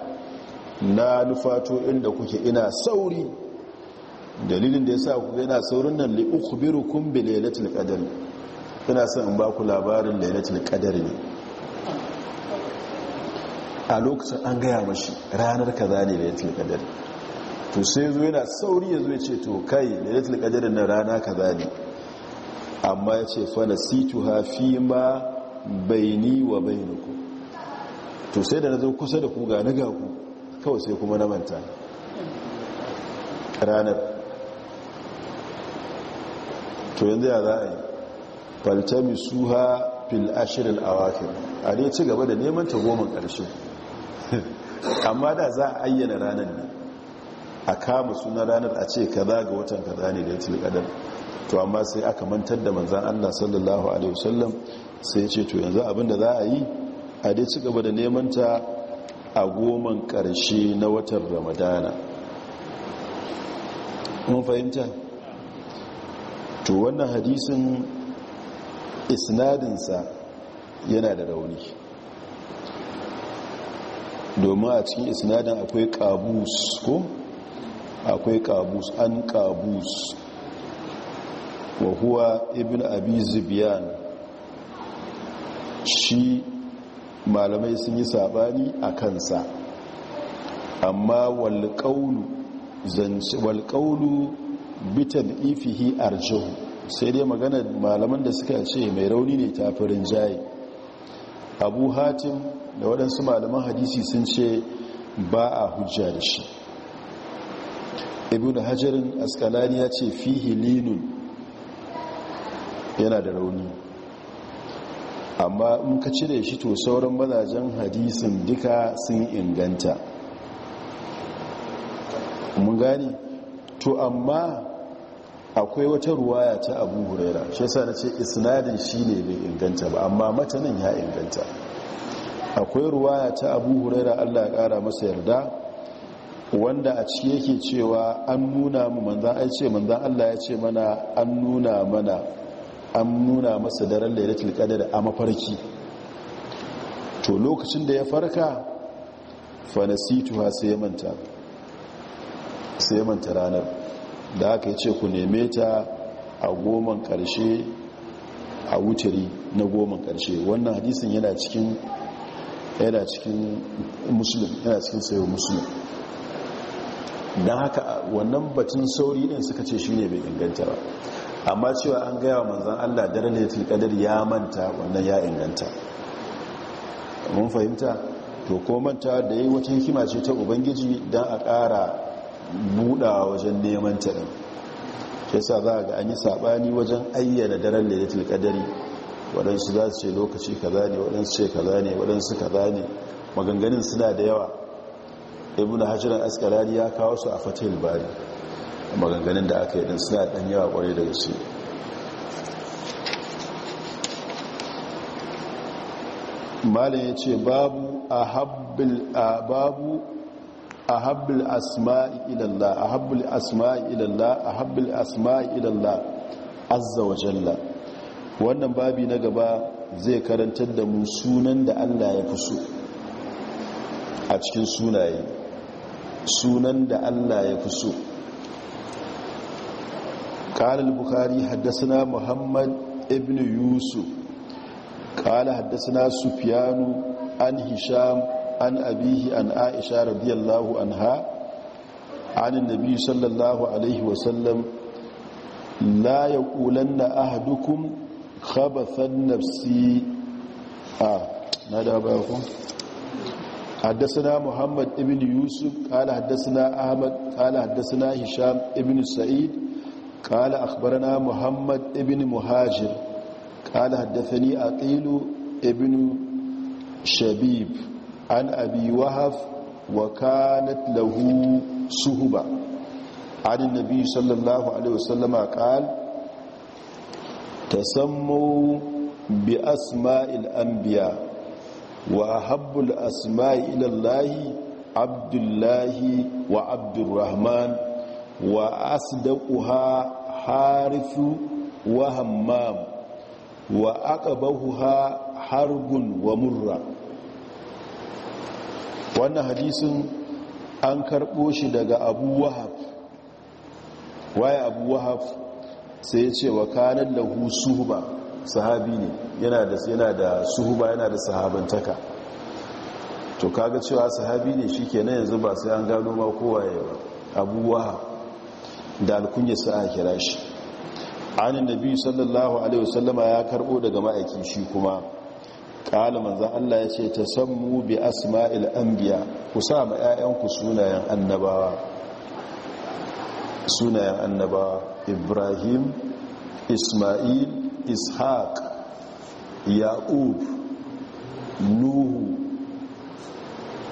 na nufato inda kuke ina sauri dalilin da yasa kuke yana saurin nan li ukhbirukum bi lailatul qadr ina son in ba ku labarin lailatul qadr ne a lokacin an gaya mashi ranar kaza ne lailatul qadr to sai zo yana sauri ya zo ya ce to kai lailatul qadr na rana kaza ne amma ya ce fa nasituha fi ma baini wa bainaku to sai da na zo kusa da ku ga na gaku kawai sai kuma na manta ranar to yanzu ya za a yi faltami suha fil ashirin awafin a ne ci gaba da neman ta goma ƙarshe amma da za a ayyana ranar ne a kama suna ranar a ce kaza ga watan kaza ne da ya tilkadar to amma sai aka mantar da manzan allah sallallahu alaihi wasallam sai ce to yanzu abinda za a yi a dai ci gaba da neman ta a goman karshe na watan ramadana mun fahimta to wannan hadisin isnadinsa yana da rauni domin a cikin isnadin akwai kabus ko akwai kabus an kabus wa huwa ibn abi zubiyan shi malamai sun yi sabani a kansa amma walƙaulu bitan ifihi arjihu sai dai magana malaman da suka ce mai rauni ne tafirin jayi abu hatim da waɗansu malaman hadisi sun ce ba a hujja da shi ibn hajarin askalani ya ce fihi linun yana da rauni amma in ka cire shi to sauran mazajen hadisin duka sun inganta mun gani to amma akwai wata ruwaya ta abu huraira shi yasa na ce isnadin shi ne bai inganta ba amma matanin ya inganta akwai ruwaya ta abu huraira allah ya kara masa yarda wanda a ciki yake cewa an nuna mu manzan ai ce manzan allah ya ce mana an nuna mana an nuna masa daren lailatul qadar a mafarki to lokacin da ya farka fa sai manta ranar da aka yi ce ku neme ta a goman karshe a wutari na goma karshe wannan hadisun yana cikin yana cikin musulun yana cikin sayo musulun don haka wannan batun sauri ɗin suka ce shi ne bai inganta ba amma cewa an gaya wa manzan allah dare ne kadar ya manta wannan ya inganta mun fahimta to ko manta da ya yi wata hikima ce ta ubangiji don a kara buɗa wajen neman ta ɗin ke sa za ga an yi saɓani wajen ayyana daren fi kadari waɗansu za su ce lokaci kaza ne waɗansu ce kaza ne waɗansu kaza ne maganganun suna da yawa ibn hajjiran askalari ya kawo su a fatih bari maganganun da aka yi din suna ɗan yawa ƙware da gaske malin ya ce babu a habbul asma'i ilalla a habbul asma'i ilalla a habbul asma'i ilalla azza wa jalla wannan babi na gaba zai karantar da mu sunan da allah ya fi so a cikin sunaye sunan da allah ya fi so قال البخاري حدثنا محمد ابن يوسف قال حدثنا سفيان عن هشام عن أبيه عن عائشة رضي الله عنها عن النبي صلى الله عليه وسلم لا يقولن أهدكم خبث النفسي آه ماذا بأخو حدثنا محمد ابن يوسف قال حدثنا أحمد قال حدثنا هشام ابن سعيد قال أخبرنا محمد ابن مهاجر قال حدثني أقيل ابن شبيب عن أبي وهف وكانت له سهبة عن النبي صلى الله عليه وسلم قال تسموا بأسماء الأنبياء وأحب الأسماء إلى الله عبد الله وعبد الرحمن wa asdaquha harithu wa hammam wa aqabahuha harbun wa murra wannan hadisin an karbo shi daga abu wahab waye abu wahab sai ya ce wa kanan lahu suhuba sahabi ne yana da yana da suhuba yana da sahabantaka to kaga cewa sahabi ne shikenan yanzu ba sai an gano ma kowaye ba abu wahab da alkunya sa a kira shi anin biyu sallallahu alaihi wasallama ya karbo daga ma'aiki shi kuma kala manzan Allah ya ce ta mu bi asma'il anbiya ku sa ma 'ya'yanku sunayen annabawa sunayen annabawa ibrahim isma'il ishaq ya'ub nuhu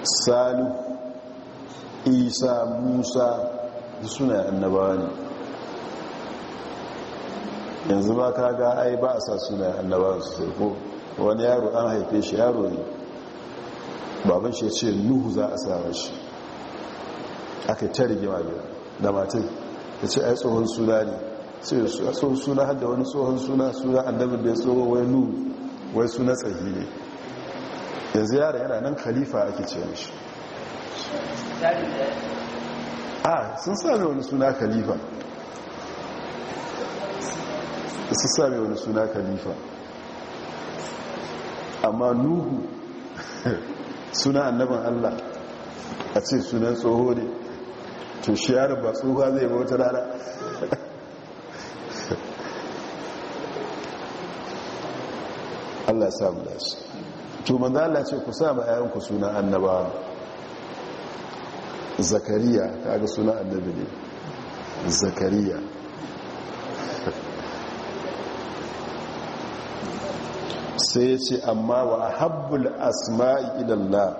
salihu isa musa suna annabawa ne yanzu ba ka ga ai ba a sa suna annabawa su sai ko wani yaro an haife shi yaro ne baban shi ce nuhu za a sa shi aka yi ta rigima gida da matan ta ce ai tsohon suna ne sai tsohon suna da wani tsohon suna suna annabin da ya tsohon wai nuhu wai suna tsahi ne yanzu yara yana nan khalifa ake ce shi. a ah, sun sami wani suna khalifa sun sami wani suna khalifa amma nuhu suna annaban allah a ce sunan tsoho ne to shi yaron ba tsohuwa zai ba wata rana allah samu dashi to manzala ce ku sa ma suna annabawa zakariya ga suna annabi ne zakariya sai ya ce amma wa habbul asma'i ilalla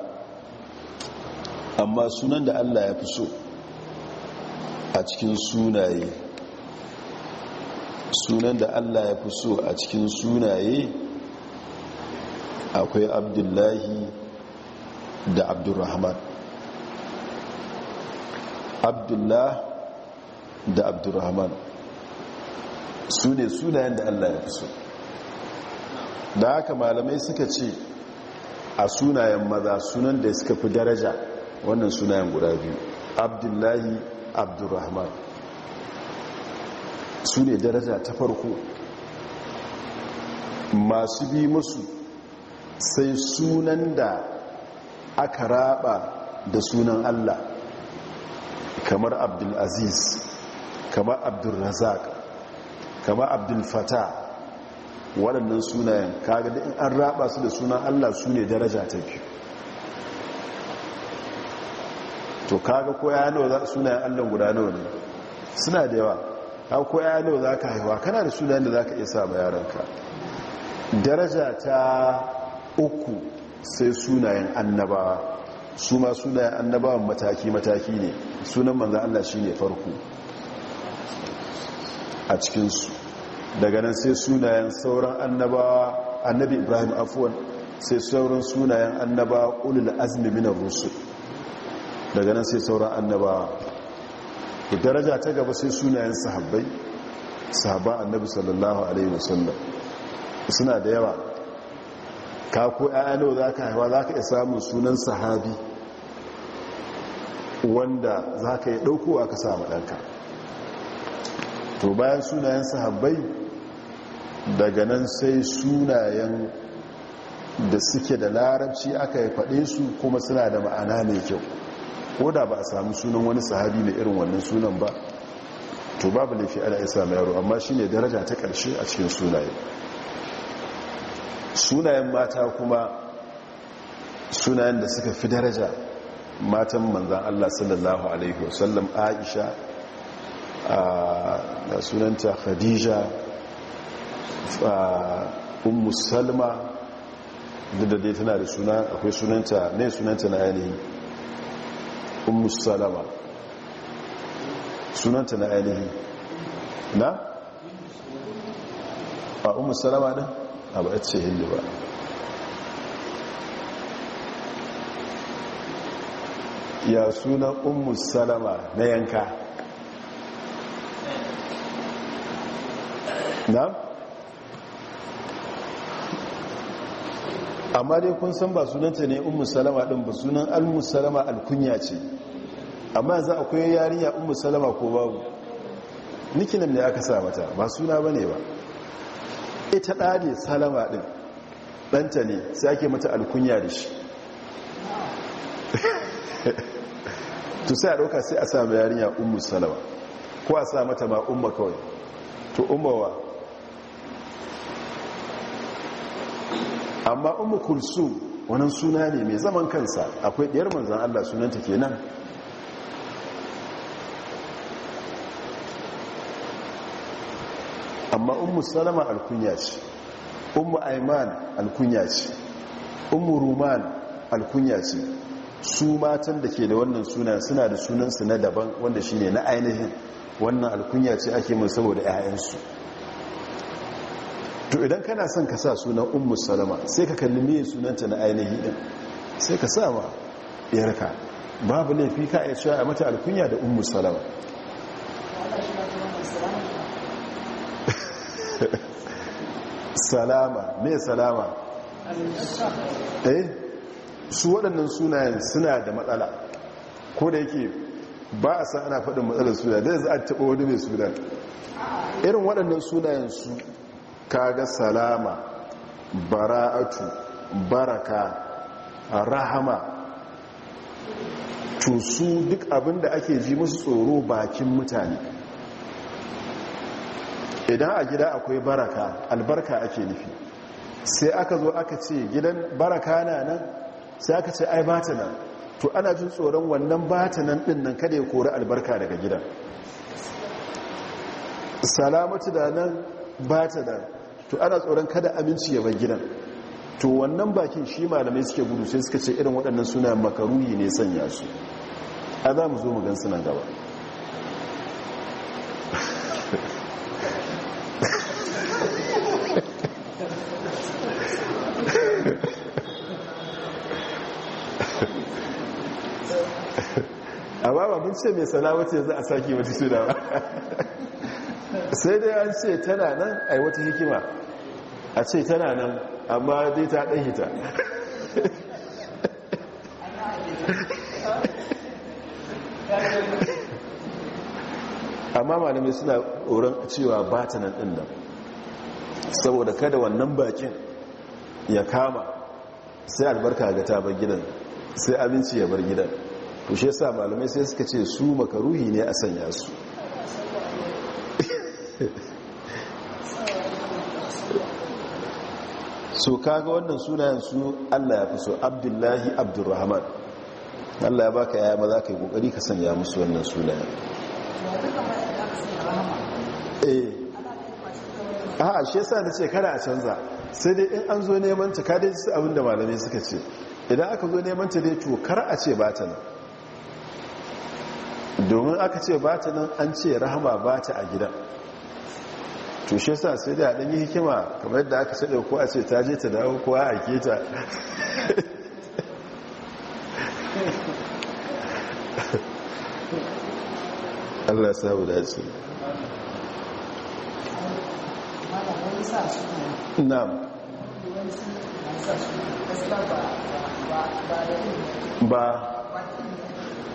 amma sunan da allah ya fi so a cikin sunaye sunan da allah ya fi so a cikin sunaye akwai abdullahi da abdurrahman abdullah da abdurrahman su ne sunayen da allah ya fi so da haka malamai suka ce a sunayen maza sunan da suka fi daraja wannan sunayen guda biyu abdullahi abdurrahman su ne daraja ta farko masu bi musu sai sunan da aka raba da sunan allah kamar abdulaziz kamar abdulrazak kamar abdulfata waɗannan sunayen kaga da in an raba su da sunan allah su ne daraja ta biyu to kaga ko ya nawa sunayen allah guda nawa ne suna da yawa ha ko ya nawa za ka haihuwa kana da sunayen da za ka iya sa ma yaranka daraja ta uku sai sunayen annabawa su ma sunayen annabawan mataki-mataki ne sunan manza Allah shi ne farko a cikinsu daga nan sai sunayen sauran annabawa annabi ibrahim afuwan sai sauran sunayen annabawa ulul azmi minar rusul daga nan sai sauran annabawa da daraja ta gaba sai sunayen sahabbai sahaba annabi sallallahu alaihi wasallam suna da yawa ka ko 'ya'ya za ka haifa za ka iya samun sunan sahabi wanda za ka yi ɗaukowa ka sa ɗanka to bayan sunayen sahabbai daga nan sai sunayen da suke da larabci aka yi faɗe su kuma suna da ma'ana mai kyau ko da ba a sami sunan wani sahabi na irin wannan sunan ba to babu laifi ana isa mai yaro amma shine daraja ta ƙarshe a cikin sunaye sunayen mata kuma sunayen da suka fi daraja matan manzan Allah sallallahu alaihi wasallam Aisha a sunanta Khadija Ummu Salma da dai tana da suna akwai sunanta ne sunanta na ainihi Ummu Salama sunanta na ainihi na a Ummu Salama din a ba ce hindi ba ya suna ummu salama na yanka na? amma dai kun san ba sunanta ne ummu salama din ba sunan al salama alkunya ce amma za a akwai yarinya ummu salama ko babu nikinan ne aka sa mata ba suna ba ne ba ita salama ɗin ɗanta ne sai ake mata alkunya da shi to sai a ɗauka sai a sami yarinya ummu salawa ko a sa mata ma umma kawai to ummawa amma ummu kulsum wannan suna ne mai zaman kansa akwai ɗiyar manzan allah sunanta kenan amma ummu salama alkunya ce ummu aiman alkunya ce ummu ruman alkunya ce su matan da ke da wannan suna suna da sunansu na daban wanda shine na ainihin wannan alkunya ce ake mun saboda 'ya'yansu to idan kana son ka sa sunan ummu salama sai ka kalli meye sunanta na ainihi din sai ka sa ma yarka babu laifi ka iya cewa a mata alkunya da ummu salama salama me salama eh su waɗannan sunayen suna da matsala ko da yake ba a san ana faɗin matsalar suna da za a taɓa wani mai suna irin waɗannan sunayen su kaga salama bara'atu baraka rahama cusu duk abinda da ake ji musu tsoro bakin mutane idan a gida akwai baraka albarka ake nufi sai aka zo aka ce gidan baraka na nan sai aka ce ai bata nan to ana jin tsoron wannan bata nan din nan kada ya kori albarka daga gidan salamatu da nan bata nan to ana tsoron kada aminci ya bar gidan to wannan bakin shi malamai suke gudu sai suka ce irin waɗannan suna makaruni ne sanya su a za mu zo mu gan suna gaba mun ce mai sana ce yanzu a sake wata suna ba sai dai an ce tana nan a yi wata hikima a ce tana nan amma dai ta ɗan hita amma malamai suna tsoron cewa ba ta nan ɗin nan saboda kada wannan bakin ya kama sai albarka ga tabar gidan sai abinci ya bar gidan kushe sa malamai sai suka ce su makaruhi ne a sanya su so kaga wannan sunayen su Allah ya fi so Abdullahi Abdurrahman Allah ya baka yaya maza ka yi kokari ka sanya musu wannan sunayen eh a'a shi yasa ce, kada a canza sai dai in an zo neman ta kada ji abinda malamai suka ce idan aka zo neman ta dai to kar a ce ba ta nan domin aka ce ba ta nan an ce rahama ba ta a gidan tushe sa sai da yi hikima kamar yadda aka saɗe ko a ce ta je ta dawo ko a ake ta allah sabu dace ba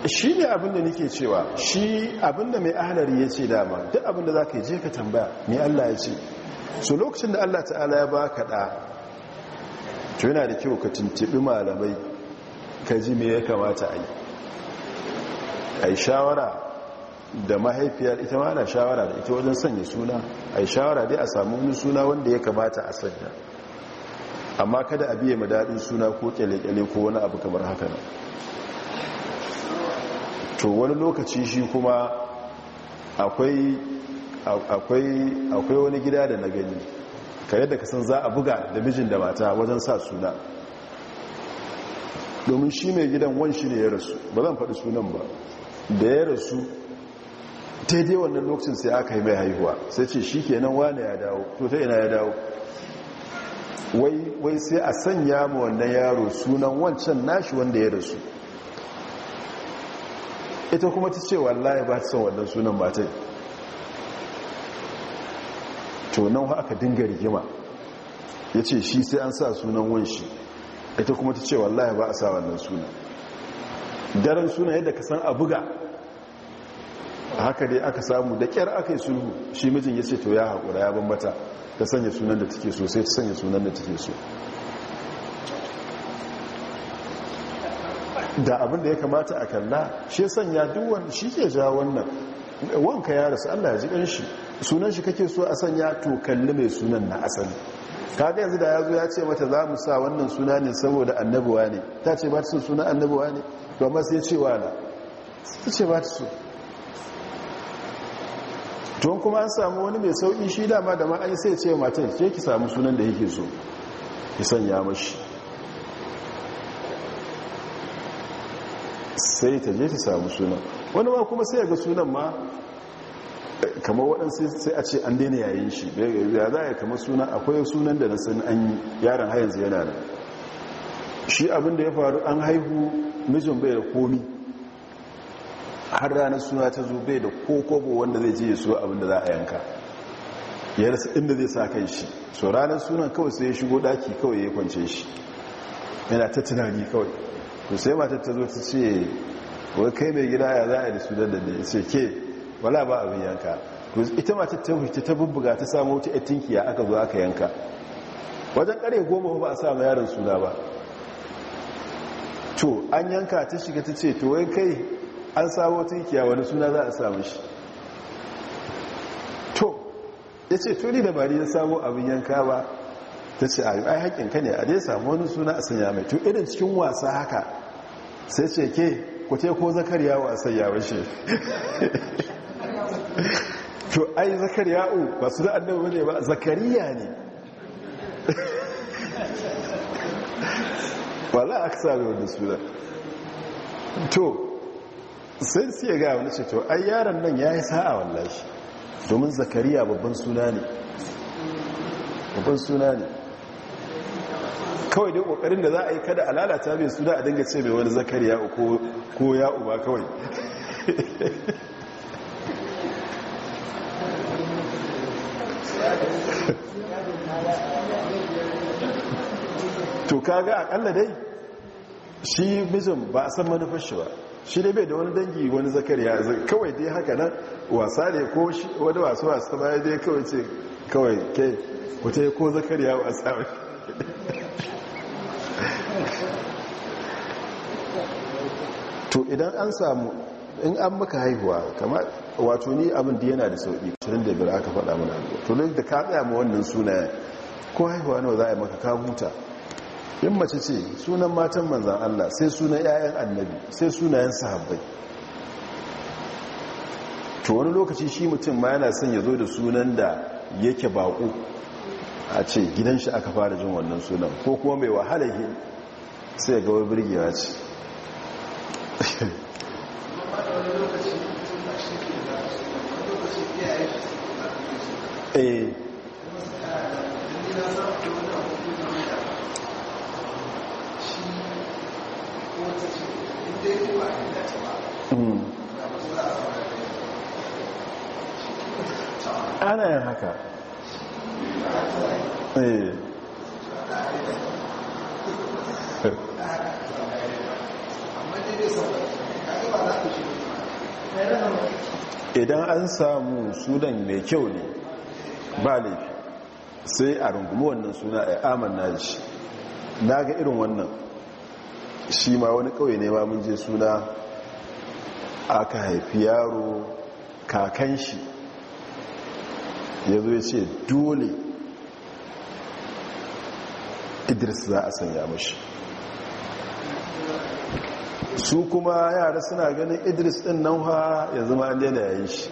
shi ne abinda nike cewa shi abinda mai ahalari ya ce dama duk abinda za ka yi je ka tambaya mai allah ya ce so lokacin da allah ta'ala ya ba ka ɗa to yana da kyau ka tuntuɓi malamai ka ji me ya kamata a yi a yi shawara da mahaifiyar ita ma na shawara da ita wajen sanya suna a yi shawara dai a samu wani suna wanda ya kamata a sanya amma kada a biya madadin suna ko kyale-kyale ko wani abu kamar haka nan to wani lokaci shi kuma akwai akwai wani gida da na gani kare ka san za a buga da mijin da mata wajen sa suna domin shi mai gidan wanshi shi ne ya rasu ba zan faɗi sunan ba da ya rasu yi wannan lokacin sai aka yi mai haihuwa sai ce shi kenan wane ya dawo to ta ina ya dawo wai sai a sanya ma wannan yaro sunan wancan nashi wanda ya rasu ita kuma ta ce wallahi ba ta son wannan sunan matan to nan aka dinga rigima ya ce shi sai an sa sunan wanshi ita kuma ta ce wallahi ba a sa wannan sunan daren suna yadda ka san a buga haka dai aka samu da kyar aka yi sulhu shi mijin ya ce to ya haƙura ya bambata ta sanya sunan da take so sai ta sanya sunan da take so da abin da ya kamata a kalla shi sanya duwan shi ke ja wannan wanka ya rasu allah ya ji ɗanshi sunan shi kake so a sanya to kalli mai sunan na asali kaga yanzu da ya zo ya ce mata za mu sa wannan suna ne saboda annabuwa ne ta ce ba ta sun suna annabuwa ne ba ma sai cewa na ta ce ba ta so don kuma an samu wani mai sauƙi shi dama da ma'ai sai ce matan ke ki samu sunan da yake so ki sanya mashi sai ta je ta samu suna wani ma kuma sai ya ga sunan ma kamar waɗansu sai a ce an daina yayin shi ya za a yi kamar suna akwai sunan da na san an yi yaron hayanzu yana da, shi abinda ya faru an haihu mijin bai da komi har ranar suna ta zo bai da kokobo wanda zai je ya so abin da za a yanka ya rasu inda zai sa kai shi so ranar sunan kawai sai ya shigo daki kawai ya kwance shi yana ta tunani kawai to sai matar ta zo ta ce wai kai mai gida ya za a yi da sunan da ne ce ke wala ba abin yanka to ita matar ta wuce ta bubbuga ta samu a tinkiya aka zo aka yanka wajen kare goma ba a sa ma yaron suna ba to an yanka ta shiga ta ce to wai kai an samu tinkiya wani suna za a samu shi to ya ce to ni da bari ya samu abin yanka ba ta ce ayi ai ka ne a dai samu wani suna a sanya mai to irin cikin wasa haka sai ce ke ku ce ko wa a sanya shi to ai u ba su da annabi ne ba zakariya ne wala aka sami wani suna to sai siya ga wani ce to ai yaron nan ya yi sa'a wallashi domin zakariya babban suna ne babban suna ne kawai dai kokarin da za a yi kada a lalata mai suna a dinga ce mai wani zakariya ko ya uba kawai to kaga akalla dai shi mijin ba a san manufar shi ba shi dai bai da wani dangi wani zakariya kawai dai haka nan wasa ne ko wani wasu wasu ta baya dai kawai ce kawai ke yi ko zakariya a tsawai to idan an samu in an maka haihuwa kamar wato ni abin da yana da sauƙi bira aka faɗa mana to da ka tsaya ma wannan sunayen ko haihuwa nawa za a yi maka ka huta in mace ce sunan matan manzan Allah sai sunan 'ya'yan annabi sai sunayen sahabbai to wani lokaci shi mutum ma yana son ya zo da sunan da yake baƙo a ce gidan shi aka fara jin wannan sunan ko kuma mai wahalar sai ga wai birgewa ce eh. hmm. ana yin haka eh idan an samu sunan mai kyau ne ba laifi sai a rungumi wannan suna a amanna da shi na ga irin wannan shi ma wani kawai ne ma mun je suna aka haifi yaro kakan shi ya zo ya ce dole idris za a sanya mashi su kuma yara suna ganin idris din nan ha ya zama an daina yi shi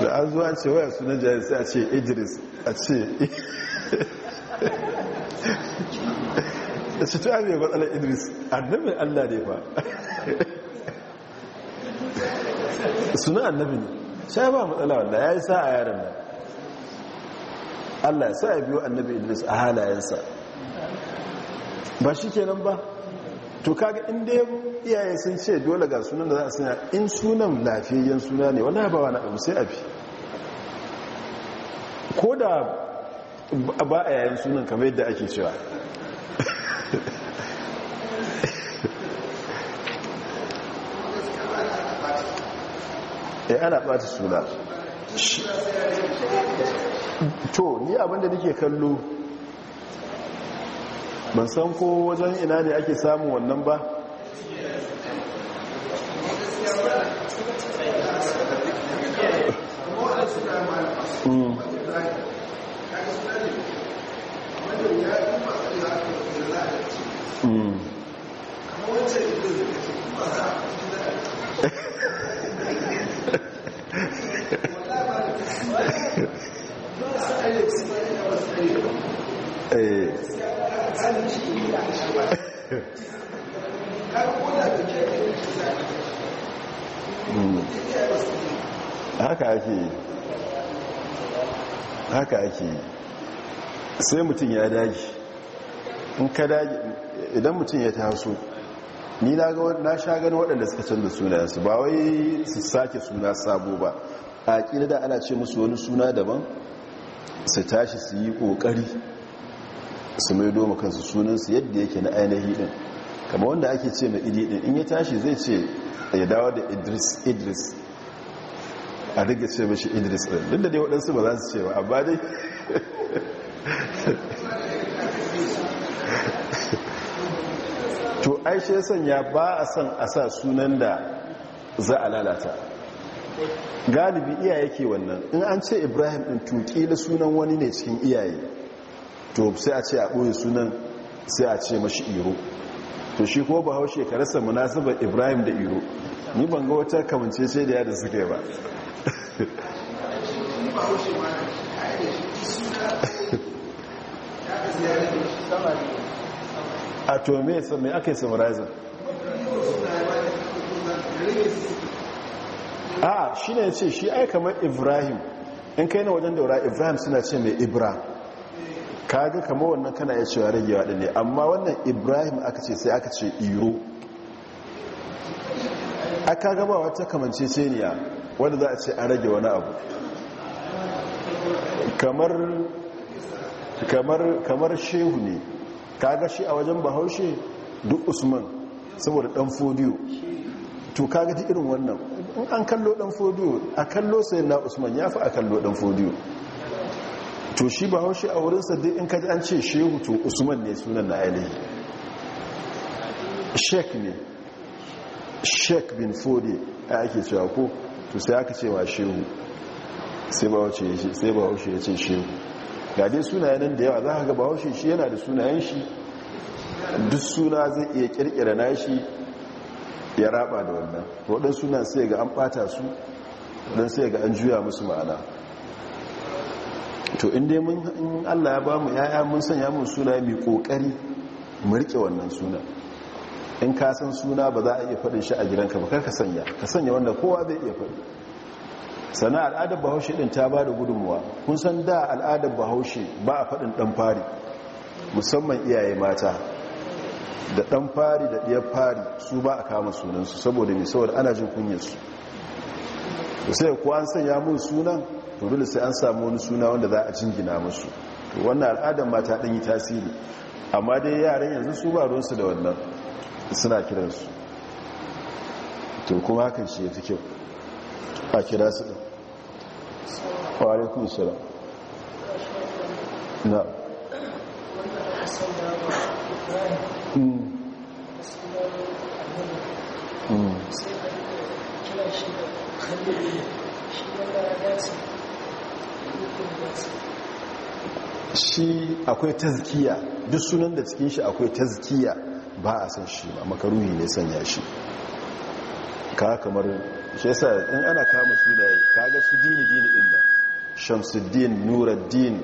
da an zuwa ce waya suna jayar sai a ce idris a ce da su abin mai matsalar idris annabin allah ne ba suna annabi ne sai ba matsala wanda ya yi sa a yaran nan allah ya sa ya biyo annabi idris a halayensa ba shi kenan ba to kaga inda iyaye sun ce dole ga sunan da za a suna in sunan lafiyayyen suna ne wani ba wani abu sai a fi ko da ba a yayin sunan kamar yadda ake cewa ya eh, ana ɓata suna to ni abinda nake kallo ban san ko wajen ina ne ake samun wannan ba hmm. eh shi ne da haka ake yi haka ake yi sai mutum ya daji in ka daji idan mutum ya taso ni na sha gani waɗanda suka canza suna su ba wai su sake suna sabo ba a ƙila da ana ce musu wani suna daban su tashi su yi ƙoƙari su mai doma kansu sunansu yadda yake na ainihi din kama wanda ake ce mai idi din in ya tashi zai ce ya dawo da idris idris a riga ce mashi idris din duk da dai waɗansu ba za su ce ba amma dai to aishe sanya ba a son a sa sunan da za a lalata galibi iyaye ke wannan in an ce ibrahim ɗin tuki da sunan wani ne cikin iyaye to sai a ce a ɓoye sunan sai a ce mashi iro to shi ko ba haushe ka rasa munasabar ibrahim da iro ni ban ga wata kamance ce da ya suka yi ba a to me mai aka yi summarizing a ah, shi ne ce shi aika mai ibrahim in kai na wajen daura ibrahim suna ce mai ibra kaga kamar wannan kana ya cewa ragewa da ne amma wannan ibrahim aka ce sai aka ce iro aka gaba wata kamance seniya wadda za a ce a rage wani abu kamar shehu ne kaga shi a wajen bahaushe duk usman saboda dan fodiyo to kaga ji irin wannan an kallo dan fodiyo a kallo sai na usman ya fi a kallo dan fodiyo to shi ba haushi a wurinsa duk in kaji an ce shehu to usman ne sunan na ainihi sheik ne sheik bin fode a ake cewa ko to sai aka cewa shehu sai ba haushi ya ce shehu ga dai sunayen nan da yawa za ka ga ba haushi shi yana da sunayen shi duk suna zai iya kirkira shi ya raba da wannan waɗansu nan sai ga an ɓata su waɗansu ya ga an juya musu ma'ana to inda mun allah ya bamu mu yaya mun sanya mun suna mai kokari mu rike wannan suna in ka san suna ba za a iya fadin shi a gidanka ba ka sanya ka sanya wanda kowa zai iya fadi. sana al'adar bahaushe din ta ba da gudunmuwa kun san da al'adar bahaushe ba a fadin dan fari musamman iyaye mata da dan fari da ɗiyar fari su ba a kama sunansu saboda mai saboda ana jin kunyarsu sai kuwa an sanya mun sunan to dole sai an samu wani suna wanda za a gina masu to wannan al'adar mata ɗin yi tasiri amma dai yaran yanzu su ba ruwansu da wannan suna kiransu to kuma hakan shi ya fi kyau a kira su ɗin ƙwarin shira na Mm. shi akwai tazkiya duk sunan da cikin shi akwai tazkiya ba a san shi ba makaruhi ne sanya shi ka kamar shi yasa in ana kama sunaye kaga su dini dini din nan shamsuddin nuruddin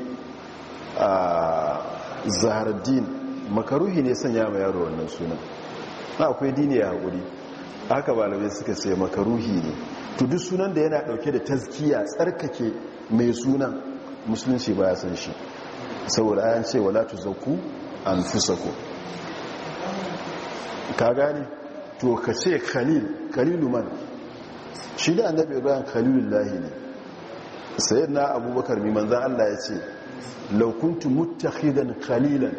zahardin makaruhi ne sanya ma yaro wannan sunan akwai dini ya haƙuri haka malamai suka sai makaruhi ne to duk sunan da yana ɗauke da tazkiya tsarkake mai suna musulunci ba ya san shi saboda ayan ce wala an fusako. ka gane to ka ce khalil khalilu man shi da annabi ibrahim lahi ne sayyidina abubakar mai manzan Allah ya ce law kuntu muttakhidan khalilan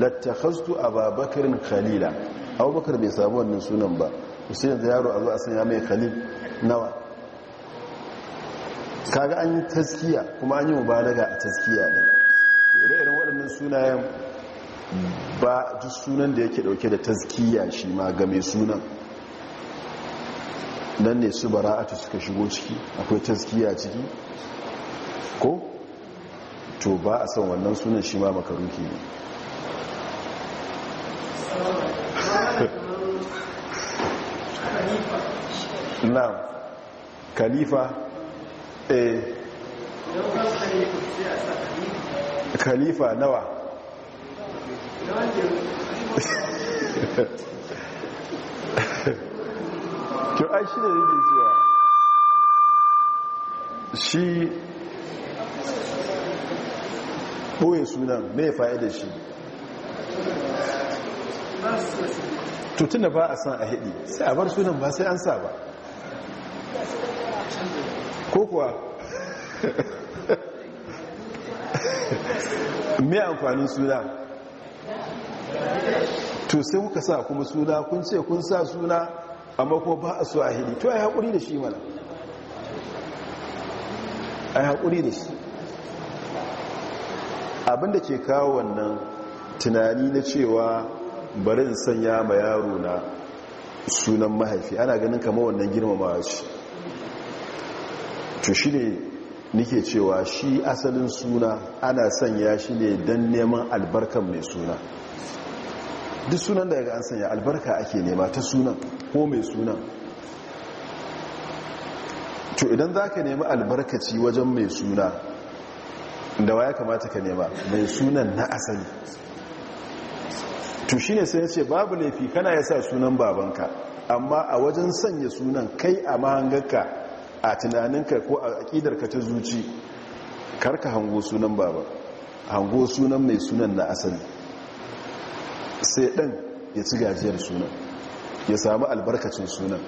a ababakarin khalila abubakar bai samu wannan sunan ba sai yanzu yaro a zuwa a sanya mai khalil nawa kaga an yi taskiya kuma an yi mubalaga a taskiya ne ire-iren waɗannan sunayen ba duk sunan da yake ɗauke da taskiya shi ma ga mai sunan nan ne su bara'atu suka shigo ciki akwai taskiya ciki ko to ba a san wannan sunan shi ma makaruki ne na kalifa eh khalifa nawa to ai shi ne yake cewa shi ɓoye sunan mai da shi tutun da ba a san a haɗi sai a bar sunan ba sai an sa ba ko kuwa mai amfanin suna to sai kuka sa kuma suna kun ce kun sa suna amma kuma ba a so a hili to ai haƙuri da shi mana ai haƙuri da shi abinda ke kawo wannan tunani na cewa barin sanya ma yaro na sunan mahaifi ana ganin kama wannan girmamawa ce to shi ne nike cewa shi asalin suna ana sanya shi ne don neman albarkan mai suna duk sunan da an sanya albarka ake nema ta sunan ko mai sunan to idan za ka nemi albarkaci wajen mai suna da waya kamata ka nema mai sunan na asali to shi ne sai ya ce babu laifi kana ya sa sunan babanka amma a wajen sanya sunan kai a mahangarka a tunaninka ko a ka ta zuci karka hango sunan baba hango sunan mai sunan na asali sai ɗan ya ci gajiyar sunan ya samu albarkacin sunan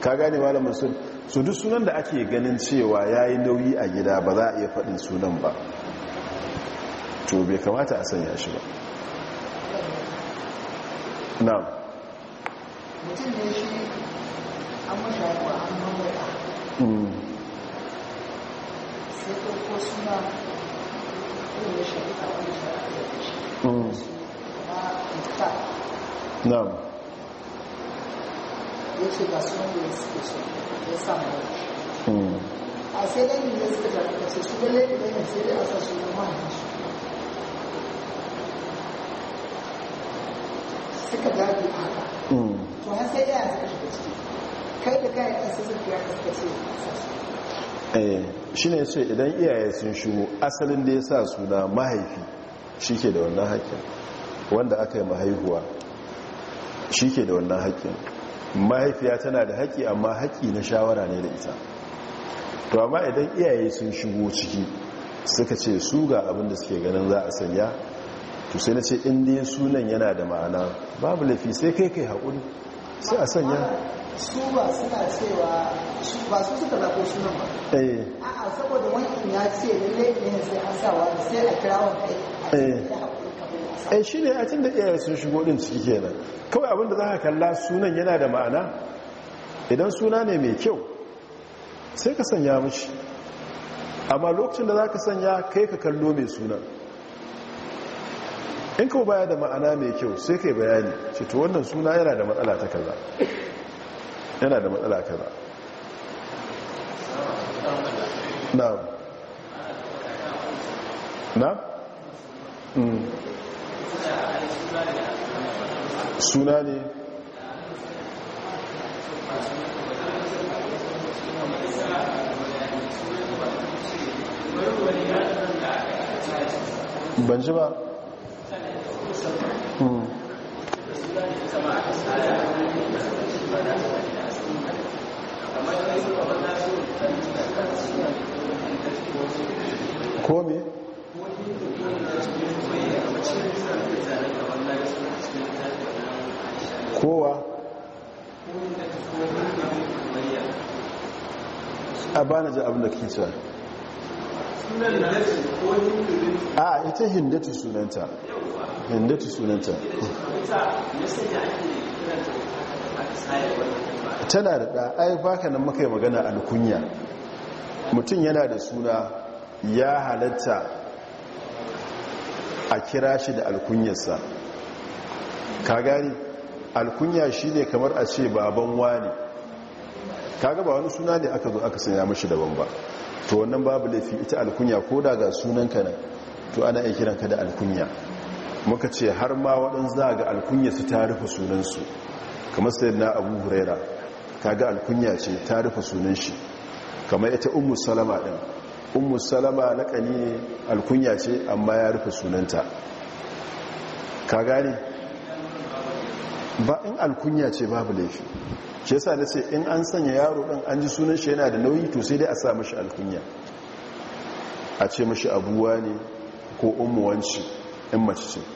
ka gane malamin sun su duk sunan da ake ganin cewa ya yi nauyi a gida ba za a iya faɗin sunan ba to bai kamata a sanya shi ba na mutum shi na'am ya ce ba su wanda ya suke so ya samu wani a sai dai ne ya suka tafi kace su da laifin da sai dai a sa su yi mahaifin su suka dage haka to har sai yaya suka shiga ciki kai da kai a sassan eh shi ne sai idan iyaye sun shigo asalin da ya sa suna mahaifi shi ke da wannan haƙƙin wanda aka yi mahaihuwa shi ke da wannan haƙƙin mahaifiya tana da haƙƙi amma haƙƙi na shawara ne da ita to amma idan iyaye sun shigo ciki suka ce su ga abin da suke ganin za a sanya to sai na ce inda sunan yana da ma'ana babu lafi sai kai kai haƙuri sai a sanya su ba suna cewa ba su suka zaɓo sunan ba eh. a'a saboda wankin ya ce lallai ne sai an sa wani sai a kira wani ai eh. eh, shi ne a tun da iyayen sun shigo ɗin ciki kenan kawai abin da za ka kalla sunan yana da ma'ana idan suna ne mai kyau sai ka sanya mishi, amma lokacin da za ka sanya kai ka kallo mai sunan in kawo baya da ma'ana mai kyau sai kai bayani ce to wannan suna yana da matsala ta kalla yana da matsala kaza na na mm. suna ne ban ji ba hmm. ko me kowa a bana ji abin da ke cewa a ita hindatu sunanta hindatu sunanta tana da ɗa ai baka nan maka yi magana alkunya mutum yana da suna ya halatta a kira shi da alkunyarsa ka gani alkunya shi ne kamar a ce baban wani ka ba wani suna ne aka zo aka sanya mashi daban ba to wannan babu laifi ita alkunya ko daga ga ka nan to ana iya kiranka da alkunya muka ce har ma waɗansu za a ga alkunya su ta rufe sunansu kamar sayar na abu huraira kaga alkunya ce ta rufe sunan shi kamar ita Umu salama ɗin Umu salama na ƙani ne alkunya ce amma ya rufe sunanta ka gane ba in alkunya ce babu laifi shi yasa da ce in an sanya yaro ɗin an ji sunan shi yana da nauyi to sai dai a sa mashi alkunya a ce mashi abuwa ne ko umuwanci in mace ce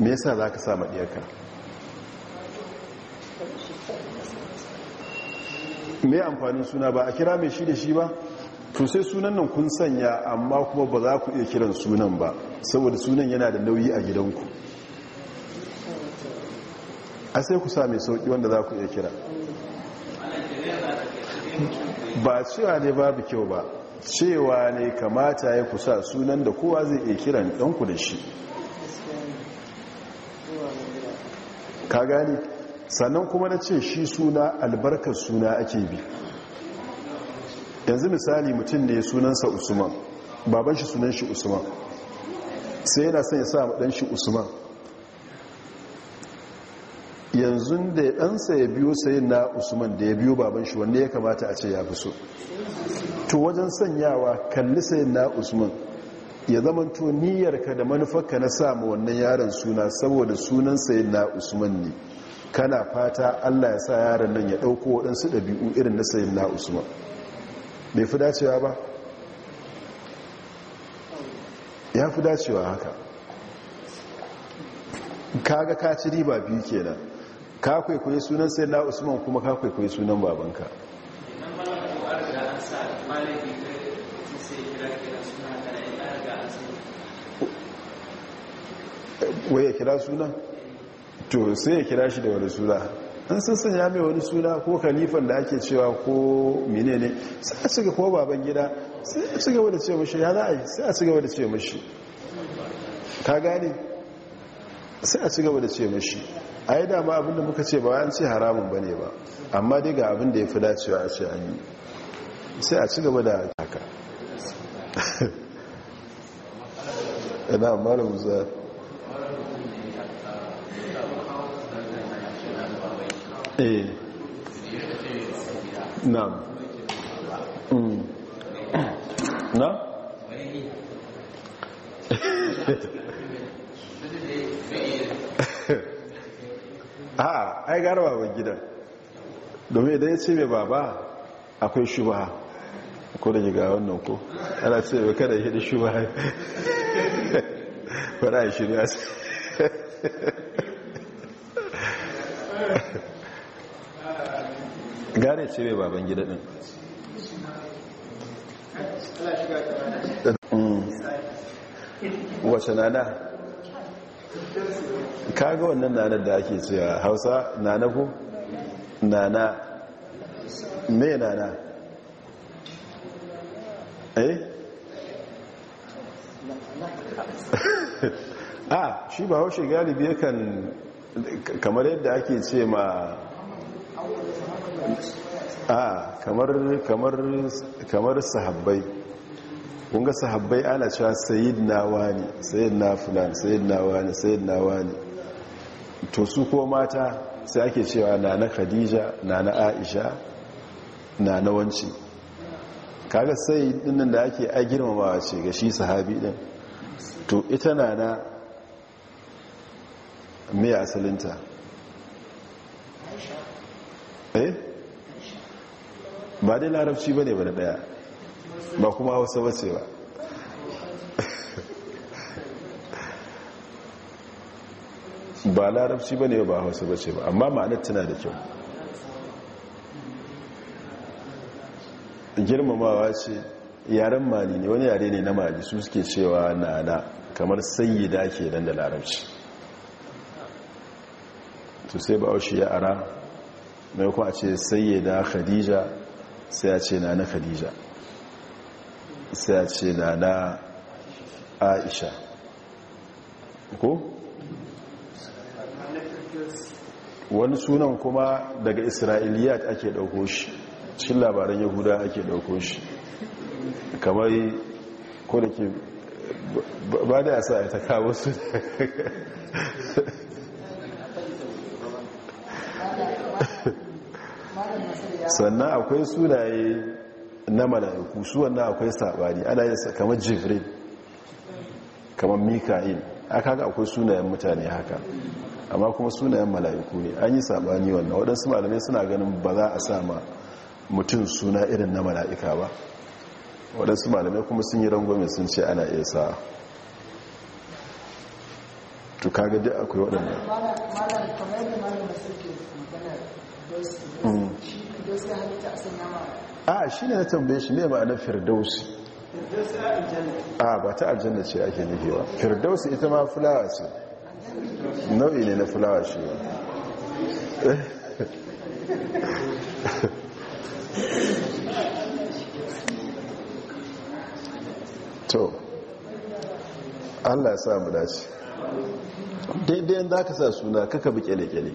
me yasa za ka sa maɗiyarka me amfanin suna ba a kira mai shi da shi ba to sai sunan nan kun sanya amma kuma ba za ku iya kiran sunan ba saboda sunan yana da nauyi a gidanku a sai ku sa mai sauki wanda za ku iya kira ba cewa ne babu kyau ba cewa ne kamata ya kusa sunan da kowa zai iya kiran ɗanku da shi ka gane sannan kuma na ce shi suna albarkar suna ake bi yanzu misali mutum ne sunansa usman baban shi sunan shi usman sai yana son ya sa maɗan shi usman yanzu da ya ɗansa ya biyo sai na usman da ya biyo baban shi wanda ya kamata a ce ya fi so to wajen sanyawa kalli sai na usman ya zamanto niyyarka da manufarka na samu wannan yaron suna saboda sunan sayin na usman ne kana fata allah ya sa yaron nan ya ɗauko waɗansu ɗabi'u irin na sayin na usman bai fi dacewa ba ya fi dacewa haka kaga kaci kaci riba biyu kenan ka kwaikwayi sunan sayin na usman kuma ka kwaikwayi sunan babanka wai ya kira suna to sai ya kira shi da wani suna an sun sanya mai wani suna ko kalifan da ake cewa ko mine ne sai a cika ko baban gida sai a cigaba da ce mashi ya za a yi sai a cigaba da ce mashi ka gane sai a cigaba da ce mashi a yi dama abinda muka ce ba an ce haramun ba ne ba amma dai ga abinda ya fi dacewa a ce an yi sai a gaba da haka ina malamu za eh na'am na a ai gara domin idan baba akwai shubaha ko da ga wannan ko ana mai kada da shubaha shirya su gane ce mai baban gida din hmm. wace nana kaga wannan nana da ake cewa hausa nana ku nana me nana eh a ah, shi ba haushe galibi yakan kamar yadda ake ce ma Ah, kamar sahabbai kunga sahabbai ana cewa sayid na wani sayid na fulan sayid na wani sayid na wani to su ko mata sai ake cewa na na khadija na na aisha na na wanci kaga sai dinnan da ake a girmamawa ce ga shi sahabi din to ita na na mai asalinta eh ba dai larabci ba ne ba da daya ba kuma hausa ba ba ba larabci ba ne ba hausa ba ba amma ma'anar tana da kyau girmamawa ce yaren mali ne wani yare ne na mali su suke cewa na nana kamar sayyida ke nan da larabci to sai ba shi ya ara mai kuma a ce sayyida khadija sai a ce na na khadija sai a ce na na aisha ko? wani sunan kuma daga isra'iliyat ake ɗauko shi cikin labaran yahuda ake ɗauko shi kamar ko da ke ba da ya sa ta kawo su sannan akwai sunaye na mala'iku su wannan akwai sabani ana yin kamar jifrin kamar mika'il aka haka akwai sunayen mutane haka amma kuma sunayen mala'iku ne an yi sabani wannan waɗansu malamai suna ganin ba za a sama mutum suna irin na mala'ika ba waɗansu malamai kuma sun yi rangwame sun ce ana iya sa tuka ga akwai waɗanda Hmm. a shi ne na tambaye shi ne ba na firdausi a ba ta aljanna ce ake nufewa firdausi ita ma fulawa ce nau'i ne na fulawa shi ba to allah ya sa mu dace daidai za ka sa suna kaka bi kyale-kyale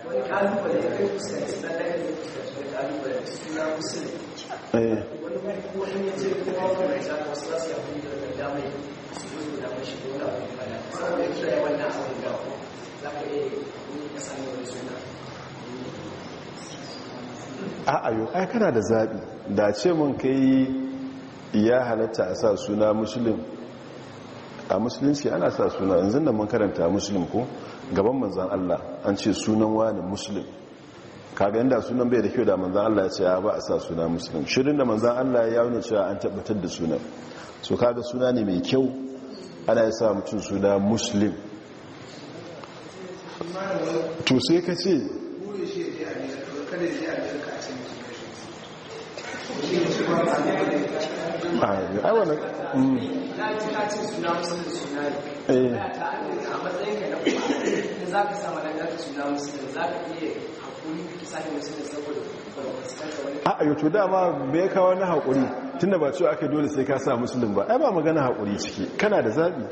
Eh. a ayo ai kana da zaɓi da ce mun kai ya halatta a sa suna musulun a musulunci ana sa suna yanzu da mun karanta musulun ko gaban manzan Allah an ce sunan wani musulun kaga inda sunan bai da kyau da manzan Allah ya ce ya ba a sa suna musulun shirin da manzan Allah ya nuna cewa an tabbatar da sunan so kaga suna ne mai kyau ana ya sa mutum suna musulun to sai ka ce ai wani a yau to dama bai kawo na haƙuri da ba cewa aka dole sai ka sa musulun ba ai ba magana haƙuri ciki kana da zaɓi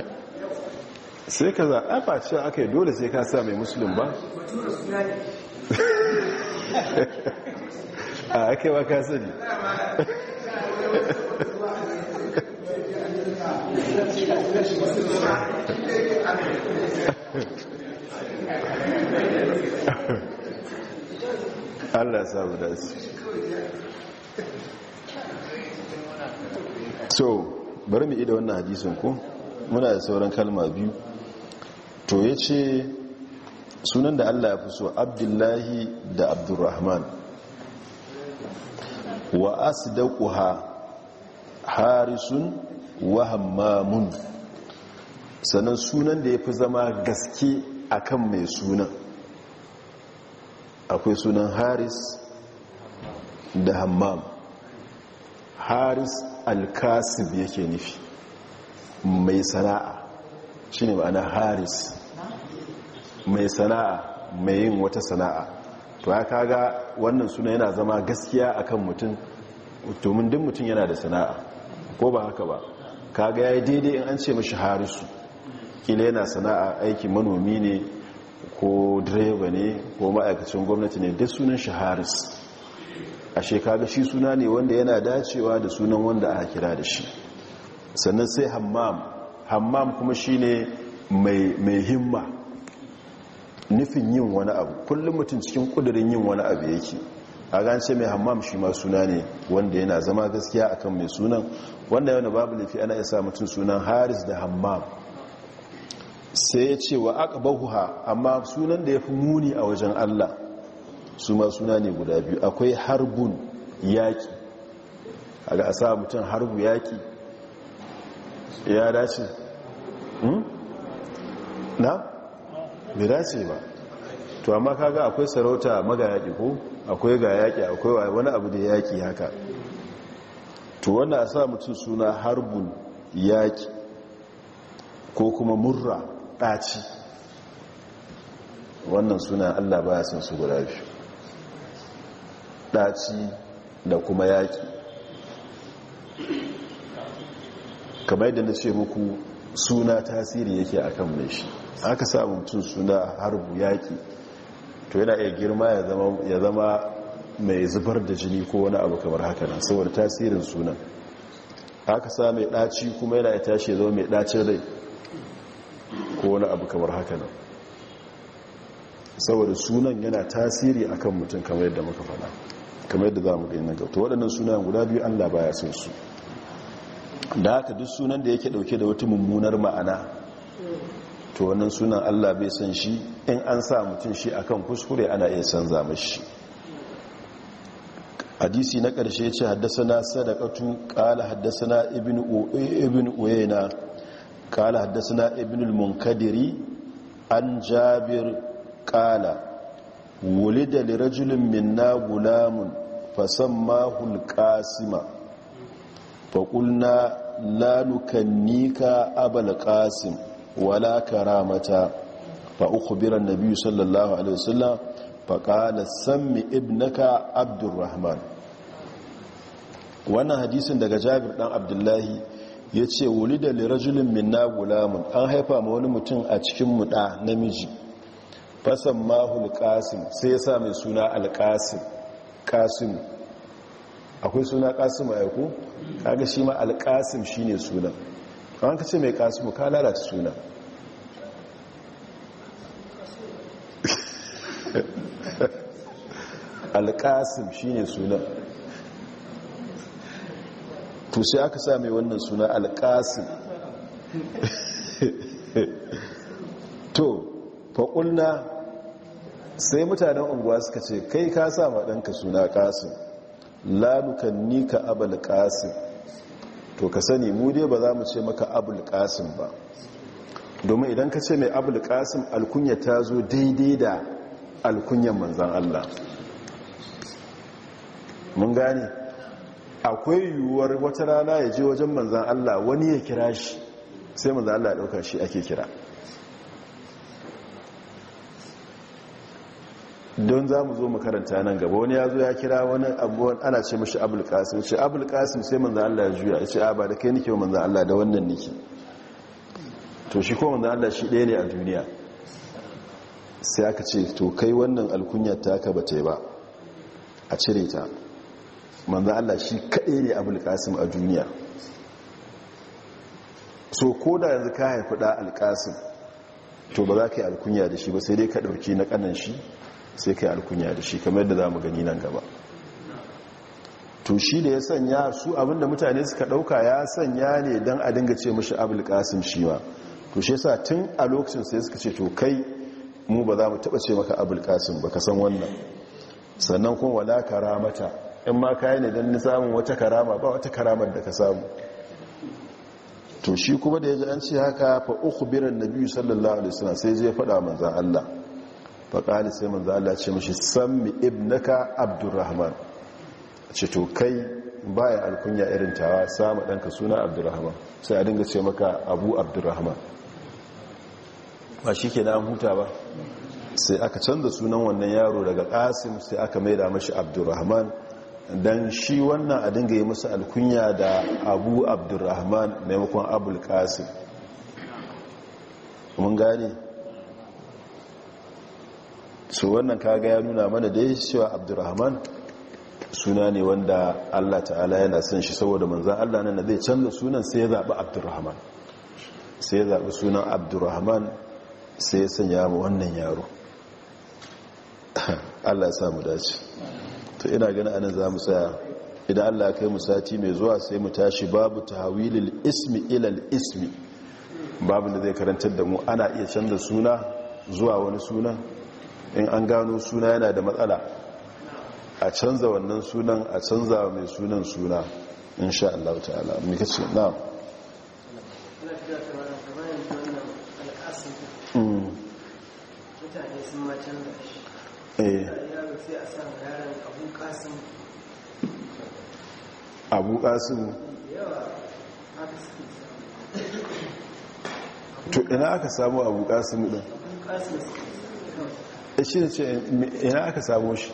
sai ka za a ba cewa aka yi dole sai ka sa mai musulun ba a ba ka sani Allah samu da so bari mu ida wannan hadisin ku muna da sauran kalma biyu to ya ce sunan da Allah ya fi so abdullahi da abdurrahman wa asdaquha harisun wa hammamun sanan sunan da yafi zama gaske akan mai sunan akwai sunan haris da hammam haris alkasib yake nufi mai sana'a shine ma'ana haris mai sana'a mai yin wata sana'a to ya kaga wannan suna yana zama gaskiya akan mutum domin duk mutum yana da sana'a ko ba haka ba kaga ya yi daidai in an ce mashi harisu kila yana sana'a aikin manomi ne ko direba ne ko ma'aikacin gwamnati ne duk sunan shi haris a shekaru shi suna ne wanda yana dacewa da sunan wanda aka kira da shi sannan sai hammam hammam kuma shi ne mai himma nufin yin wani abu kullum mutum cikin kudurin yin wani abu yake a gance mai hammam shi ma suna ne wanda yana zama gaskiya akan mai sunan wanda yana babu lafi ana isa mutum sunan haris da hammam sai ya ce wa aka bahuha amma sunan da ya fi muni a wajen allah su ma suna ne guda biyu akwai harbun yaki a ga asa mutum harbu yaki ya dace hmm? na? bai dace ba to amma kaga akwai sarauta magayaki ko akwai ga yaki akwai wani abu da yaki haka to wannan asa sa mutum suna harbun yaki ko kuma murra ɗaci wannan suna allah baya ya san su guda biyu ɗaci da kuma yaki kamar yadda na ce muku suna tasiri yake akan mai shi aka sa mutum suna harbu yaƙi to yana iya girma ya zama mai zubar da jini ko wani abu kamar haka nan saboda tasirin sunan aka sa mai ɗaci kuma yana ya tashi ya zama mai ɗacin rai ko wani abu kamar haka nan saboda sunan yana tasiri akan mutum kamar yadda muka faɗa kamar yadda za mu gani na gauta waɗannan sunan guda biyu allah baya son su da haka duk sunan da yake ɗauke da wata mummunar ma'ana to wannan sunan Allah bai san shi in an sa mutum shi akan kuskure ana iya san zama shi. hadisi na ƙarshe ce haddasana sadaqatu qala na ibnu ibnu uyayna qala Haddasa ibnu al-munkadiri an jabir qala wulida li rajulin minna gulamun fasammahu al-qasima fa qulna la nukannika abal qasim wala karamata fa ukhbira an-nabi sallallahu alaihi wasallam fa qala sammi ibnaka abdurrahman wannan hadisin daga jabir dan abdullahi yace wulida li rajulin minna gulamun an haifa ma wani mutum a cikin mu namiji fasan mahul qasim sai ya sa mai suna al-qasim akwai suna kasim a yau kaga shi ma al shine sunan kawai ka ce mai kasimu ka lalata suna alkasim shi ne suna to sai aka sa mai wannan suna alkasim to faƙulna sai mutanen unguwa suka ce kai ka sa ma ɗanka suna kasim lalukan ni ka abal kasim to ka sani mu dai ba za mu ce maka abul qasim ba domin idan ka ce mai abul qasim alkunya ta zo daidai da alkunyan manzan Allah mun gane akwai yiwuwar wata rana ya je wajen manzan Allah wani ya kira shi sai manzan Allah ya dauka shi ake kira don za mu zo makaranta nan gaba wani ya zo ya kira wani abuwan ana ce mashi abul kasim ce abul kasim sai manzan allah ya juya ya ce a ba da kai nike manzan allah da wannan nike to shi ko manzan allah shi ɗaya ne a duniya sai aka ce to kai wannan alkunyar ta ka bata ba a cire ta manzan allah shi kaɗai ne abul kasim a duniya so ko da yanzu ka haifi ɗa alkasim to ba za ka yi alkunya da shi ba sai dai ka ɗauki na ƙanan shi sai kai alkunya da shi kamar yadda za mu gani nan gaba to shi da ya sanya su abinda mutane suka dauka ya sanya ne don a dinga ce mashi abu kasim shi to shi sa tun a lokacin sai suka ce to kai mu ba za mu taba ce maka abu ba ka san wannan sannan kuma wala karamata in ma kayan ne dan samun wata karama ba wata karamar da ka samu to shi kuma da ya ji an ce haka fa na biyu sallallahu alaihi wasallam sai zai fada manzon Allah faƙali sai manzo Allah ce mashi sammi ibnaka abdurrahman ce to kai baya alkunya irin tawa sama ɗanka suna abdurrahman sai a dinga ce maka abu abdurrahman ba shi ke na huta ba sai aka canza sunan wannan yaro daga ƙasim sai aka maida mashi abdurrahman don shi wannan a dinga yi masa alkunya da abu abdurrahman maimakon abul ƙasim mun gane so wannan kaga ya nuna mana da dai cewa abdurrahman suna ne wanda allah ta'ala yana son shi saboda manza allah nan da zai canza sunan sai ya zaɓi abdurrahman sai ya zaɓi sunan abdurrahman sai ya sanya ma wannan yaro allah ya samu dace to ina gani anan za mu tsaya idan allah kai mu sati mai zuwa sai mu tashi babu tawilil ismi ilal ismi babu da zai karantar da mu ana iya canza suna zuwa wani sunan. in an gano suna yana da matsala a canza wannan sunan a canza mai sunan suna insha Allah ta'ala muka ce na mm. eh. abu abu kasim to ina aka samu abu kasim din shi ce ina aka samo shi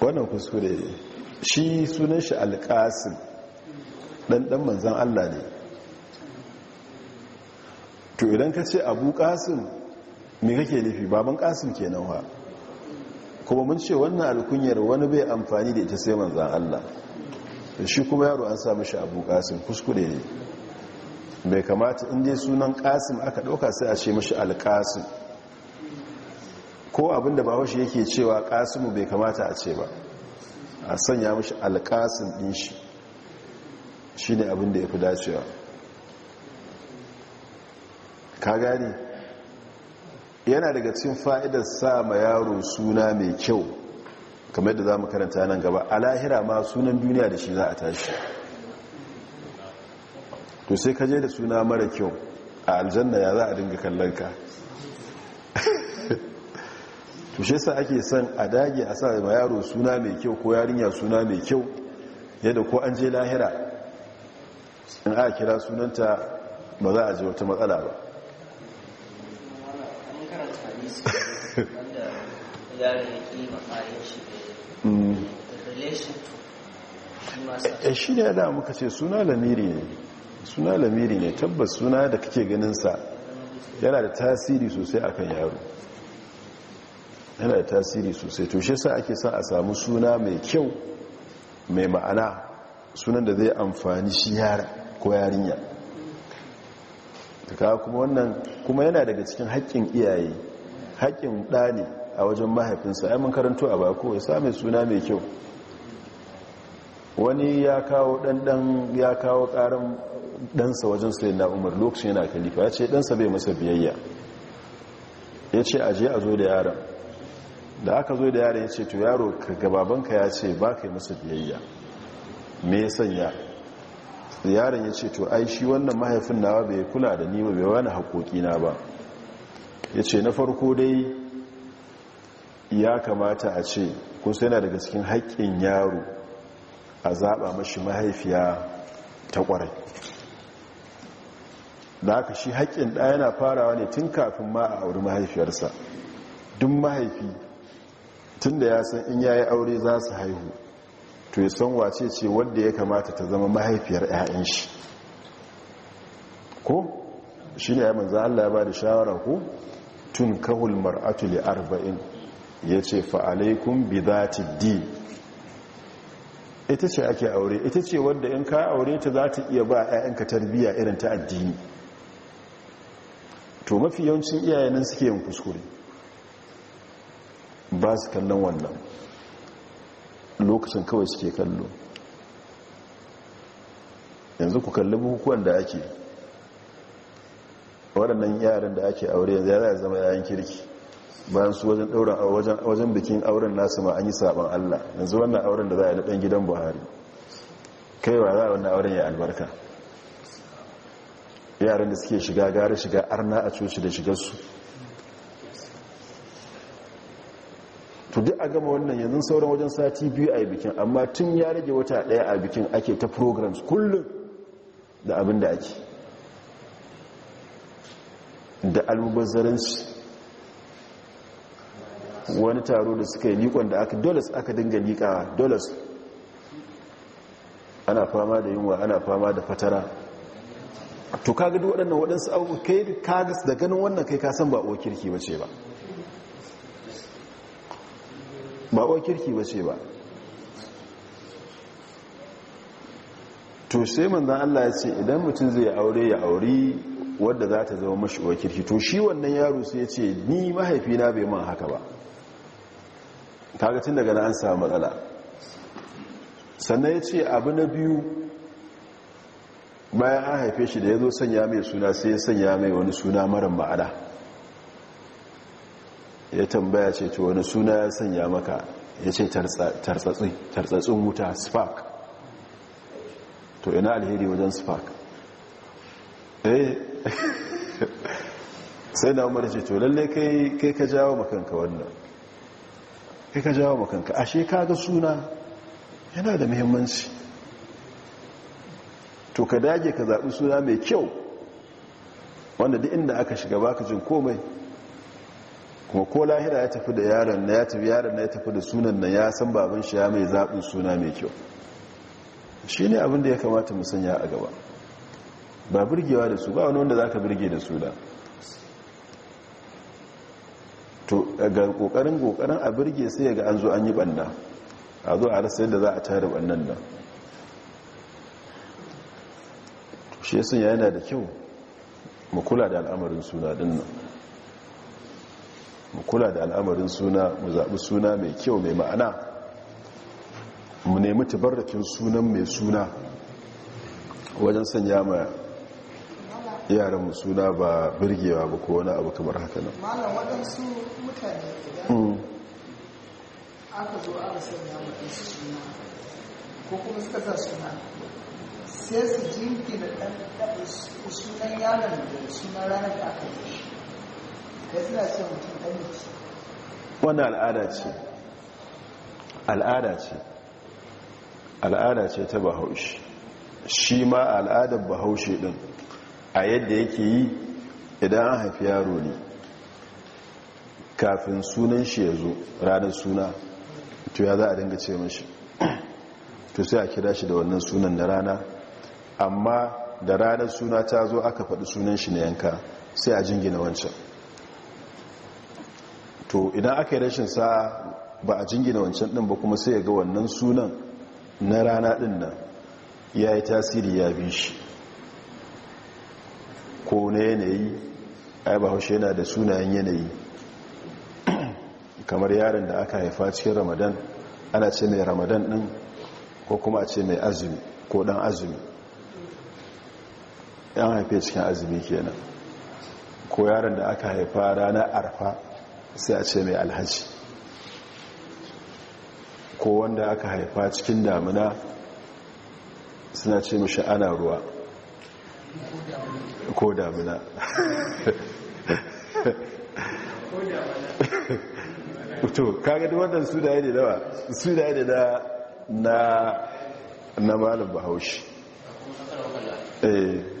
wannan kuskure shi sunan shi alƙasim ɗanɗan manzan Allah ne to idan ka ce abu me kake nufi baban ƙasim ke nan wa kuma mun ce wannan alkunyar wani bai amfani da ita sai manzan Allah shi kuma yaro an sami shi abu ƙasim kuskure ne bai kamata inda sunan kasim aka ɗauka sai a ce mashi alkasim ko abinda ba washe yake cewa kasimu bai kamata a ce ba a sanya mashi alkasim ɗin shi shi ne abinda ya fi dacewa ka gani yana daga cikin fa'idar sa ma yaro suna mai kyau kamar da za mu karanta nan gaba a lahira ma sunan duniya da shi za a tashi to sai ka je da suna mara kyau a aljanna ya za a dinga kallon ka to shi sa ake son a dage a sa ma yaro suna mai kyau ko yarinya suna mai kyau yadda ko an je lahira in aka kira sunanta ba za a je wata matsala ba mm. eh, shi ne da muka ce suna lamiri ne suna lamiri ne tabbas suna da kake ganin sa yana da tasiri sosai akan yaro yana da tasiri sosai to shi sa ake sa a samu suna mai kyau mai ma'ana sunan da zai amfani shi yara ko yarinya ta kuma wannan kuma yana daga cikin haƙƙin iyaye haƙƙin ɗa ne a wajen mahaifinsa ya mun karanto a bako ya sa mai suna mai kyau wani ya kawo ɗanɗan ya kawo ƙarin ɗansa wajen sai na umar lokacin yana kalifa ya ce ɗansa bai masa biyayya ya ce aje a zo da yaron da aka zo da yaron ya ce to yaro ka gababanka ya ce ba ka yi masa biyayya me ya sanya yaron ya ce to ai shi wannan mahaifin nawa bai kula da ni ba bai wani haƙoƙina ba ya ce na farko dai ya kamata a ce kun sai yana daga cikin haƙƙin yaro a zaɓa mashi mahaifiya ta ƙwarai da haka shi haƙƙin ɗa yana farawa ne tun kafin ma a auri mahaifiyarsa duk mahaifi tun da ya san in yayi aure za su haihu to ya san wace ce wadda ya kamata ta zama mahaifiyar 'ya'yan shi ko shi ne ya manza allah ya ba da shawara ko tun kahul mar'atu li arba'in ya ce fa'alaikun bi za ta di ita ce ake aure ita ce wadda in ka aure ta za ta iya ba 'ya'yanka tarbiyya irin ta addini to mafi yawancin iyayenin suke yin kuskure ba su kallon wannan lokacin kawai suke kallo yanzu ku kalli bukukuwan da ake waɗannan yaran da ake aure yanzu ya zama yayan kirki bayan su wajen a wajen bikin auren nasu ma an yi saɓon allah yanzu wannan auren da za a yi gidan buhari kaiwa za a wannan auren ya albarka yaran da suke shiga gara shiga arna a coci da shigarsu to duk a gama wannan yanzu sauran wajen sati biyu a bikin amma tun ya rage wata daya a bikin ake ta programs kullum da abin da ake da almubazzaranci wani taro da suka yi nikon da aka dolas aka dinga likawa dolas ana fama da yunwa ana fama da fatara to kaga duk waɗannan waɗansu abubuwa kai kaga da ganin wannan kai kasan ba uwa kirki ba ce ba ba uwa kirki ba ce ba to sai manzan Allah ya ce idan mutum zai aure ya auri wadda za ta zama mashi uwa kirki to shi wannan yaro sai ya ce ni mahaifina bai man haka ba kaga tun daga na an samu matsala sannan ya ce abu na biyu bayan an haife shi da ya zo sanya mai suna sai ya sanya mai wani suna mara ma'ana ya tambaya ce ce wani suna ya sanya maka ya ce tartsatsun wuta spark to ina alheri wajen spark eh sai na umar ce to lalle kai ka jawo makanka wannan kai ka jawo makanka ashe ka ga suna yana da muhimmanci to ka dage ka zaɓi suna mai kyau wanda duk inda aka shiga baka jin komai kuma ko lahira ya tafi da yaron na ya tafi yaron na ya tafi da sunan na ya san baban shi ya mai zaɓin suna mai kyau shi ne abinda ya kamata mu sanya a gaba ba birgewa da su ba wani wanda za ka birge da suna to ga ƙoƙarin ƙoƙarin a birge sai ga an zo an yi ɓanna a zo a rasa yadda za a tare ɓannan nan shi yasan yana da kyau mu kula da al'amarin suna din nan mu kula da al'amarin suna mu zaɓi suna mai kyau mai ma'ana mu nemi tabarrakin sunan mai suna wajen sanya ma yaran suna ba birgewa ba ko wani abu kamar haka nan mm. aka zo aka sai su jinkina sunan yaron da ranar aka yi da suna ce mutum wannan al'ada ce al'ada ce al'ada ce ta bahaushe shi ma al'adar bahaushe ɗin a yadda yake yi idan an haifi yaro ne kafin sunan shi ya zo ranar suna to ya za a dinga ce mashi to sai a kira shi da wannan sunan na rana amma da ranar suna ta zo aka faɗi sunan shi na yanka sai a jingina wancan to idan aka yi rashin sa'a ba a jingina wancan ɗin ba kuma sai ya ga wannan sunan na rana ɗin nan ya yi tasiri ya bi shi ko na yanayi ai ba haushe yana da sunayen yanayi kamar yaron da aka haifa cikin ramadan ana ce mai ramadan ɗin ko kuma a ce mai azumi ko ɗan azumi yan haife cikin azumi kenan ko yaron da aka haifa ranar arfa sai a ce mai alhaji ko wanda aka haifa cikin damuna suna ce mashi ana ruwa ko damuna to kaga duk wannan da ne dawa su da na na na malam bahaushe eh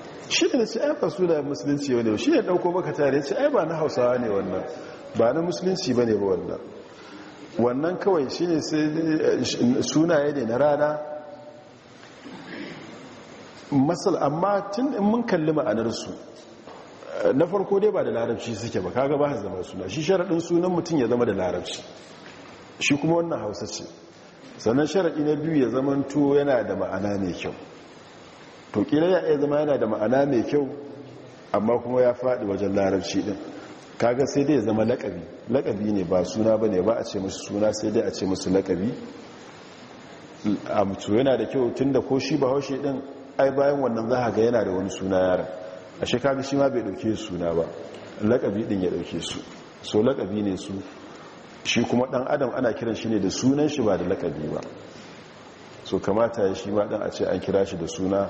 shi ne ce ai ba suna musulunci wane ne shi ne ɗauko maka tare ce ai ba na hausawa ne wannan ba na musulunci ba ne ba wannan wannan kawai shi ne eh, sunaye ne na rana masal amma tun in mun kalli ma'anarsu eh, na farko dai ba da larabci suke ba kaga ba zama suna shi sharaɗin sunan mutum ya zama da larabci shi kuma wannan hausa ce sannan sharaɗi na biyu ya zama to yana da ma'ana mai kyau to kila ya iya zama yana da ma'ana mai kyau amma kuma ya faɗi wajen larabci ɗin kaga sai dai ya zama laƙabi laƙabi ne ba suna ba ne ba a ce musu suna sai dai a ce musu laƙabi mutu yana da kyau tun da ko shi ba haushe ɗin ai bayan wannan za a ga yana da wani suna yara a shekaru shi ma bai ɗauke suna ba laƙabi ɗin ya ɗauke su so laƙabi ne su shi kuma ɗan adam ana kiran shi ne da sunan shi ba da laƙabi ba so kamata ya shi ma ɗan a ce an kira shi da suna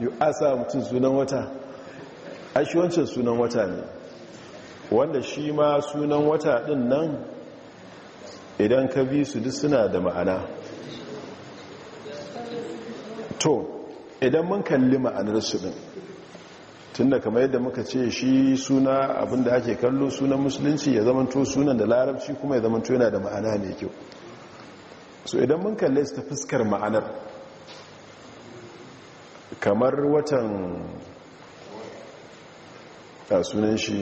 yi asa mutum sunan wata ashi wancan sunan wata ne wanda shi ma sunan wata din nan idan ka bi su duk suna da ma'ana to idan mun kalli ma'anar su din tunda kamar yadda muka ce shi suna abinda ake kallo sunan musulunci ya zamanto sunan da larabci kuma ya zamanto yana da ma'ana mai kyau so idan mun kalli su ta fuskar ma'anar kamar watan a sunan shi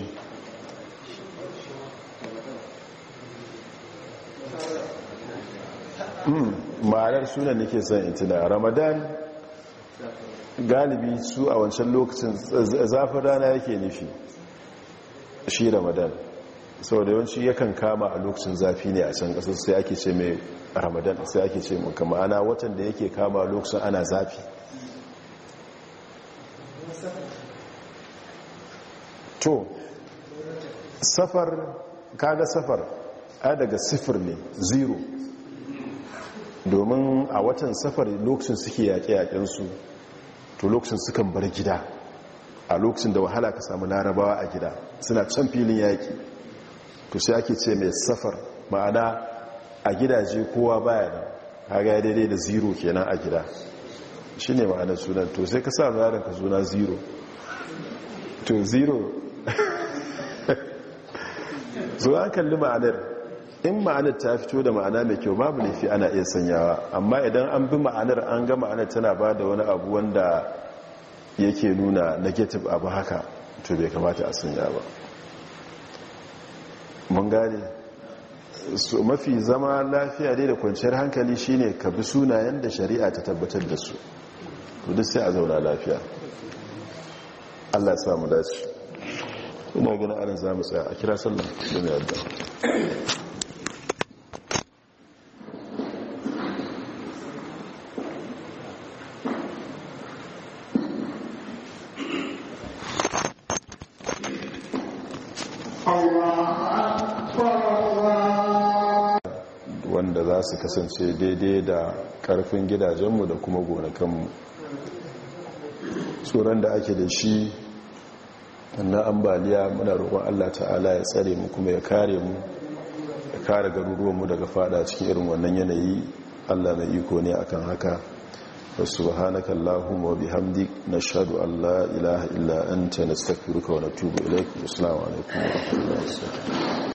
hmm, ma'anar sunan nake son intina ramadan galibi su a wancan lokacin zafin rana yake nufi shi ramadan sau da yawanci yakan kama a lokacin zafi ne a can kasar sai ake ce mai ramadan sai ake ce mai kama ana watan da yake kama lokacin ana zafi to safar kaga safar a daga sifir ne zero domin a watan safar lokacin suke yaƙe-yaƙensu to lokacin sukan bar gida a lokacin da wahala ka samu larabawa a gida suna can filin yaƙi to sai ake ce mai safar ma'ana a gidaje kowa baya nan haga daidai da zero kenan a gida shi ne ma'anar sunan to sai ka sa ranar ka suna zero to zero zuwa kalli ma'anar in ma'anar ta fito da ma'ana mai kyau babu laifi ana iya sanyawa amma idan an bi ma'anar an ga ma'anar tana ba da wani abu wanda yake nuna negative abu haka to bai kamata a sanya ba mun gane su mafi zama lafiya dai da kwanciyar hankali shine ka bi sunayen da shari'a ta tabbatar da su to duk sai a zauna lafiya allah ya samu dace ina gina anan zamu tsaya a kira sallah don yadda wanda za su kasance daidai da karfin gidajenmu da kuma gonakanmu tsoron da ake da shi na ambaliya muna roƙon allah ta'ala ya tsare mu kuma ya kare mu ya kare mu daga fada cikin irin wannan yanayi allah mai iko ne akan haka wa subhanaka allahumma wa bihamdik nashhadu an la ilaha illa anta nastaghfiruka wa natubu ilaik assalamu alaikum wa rahmatullahi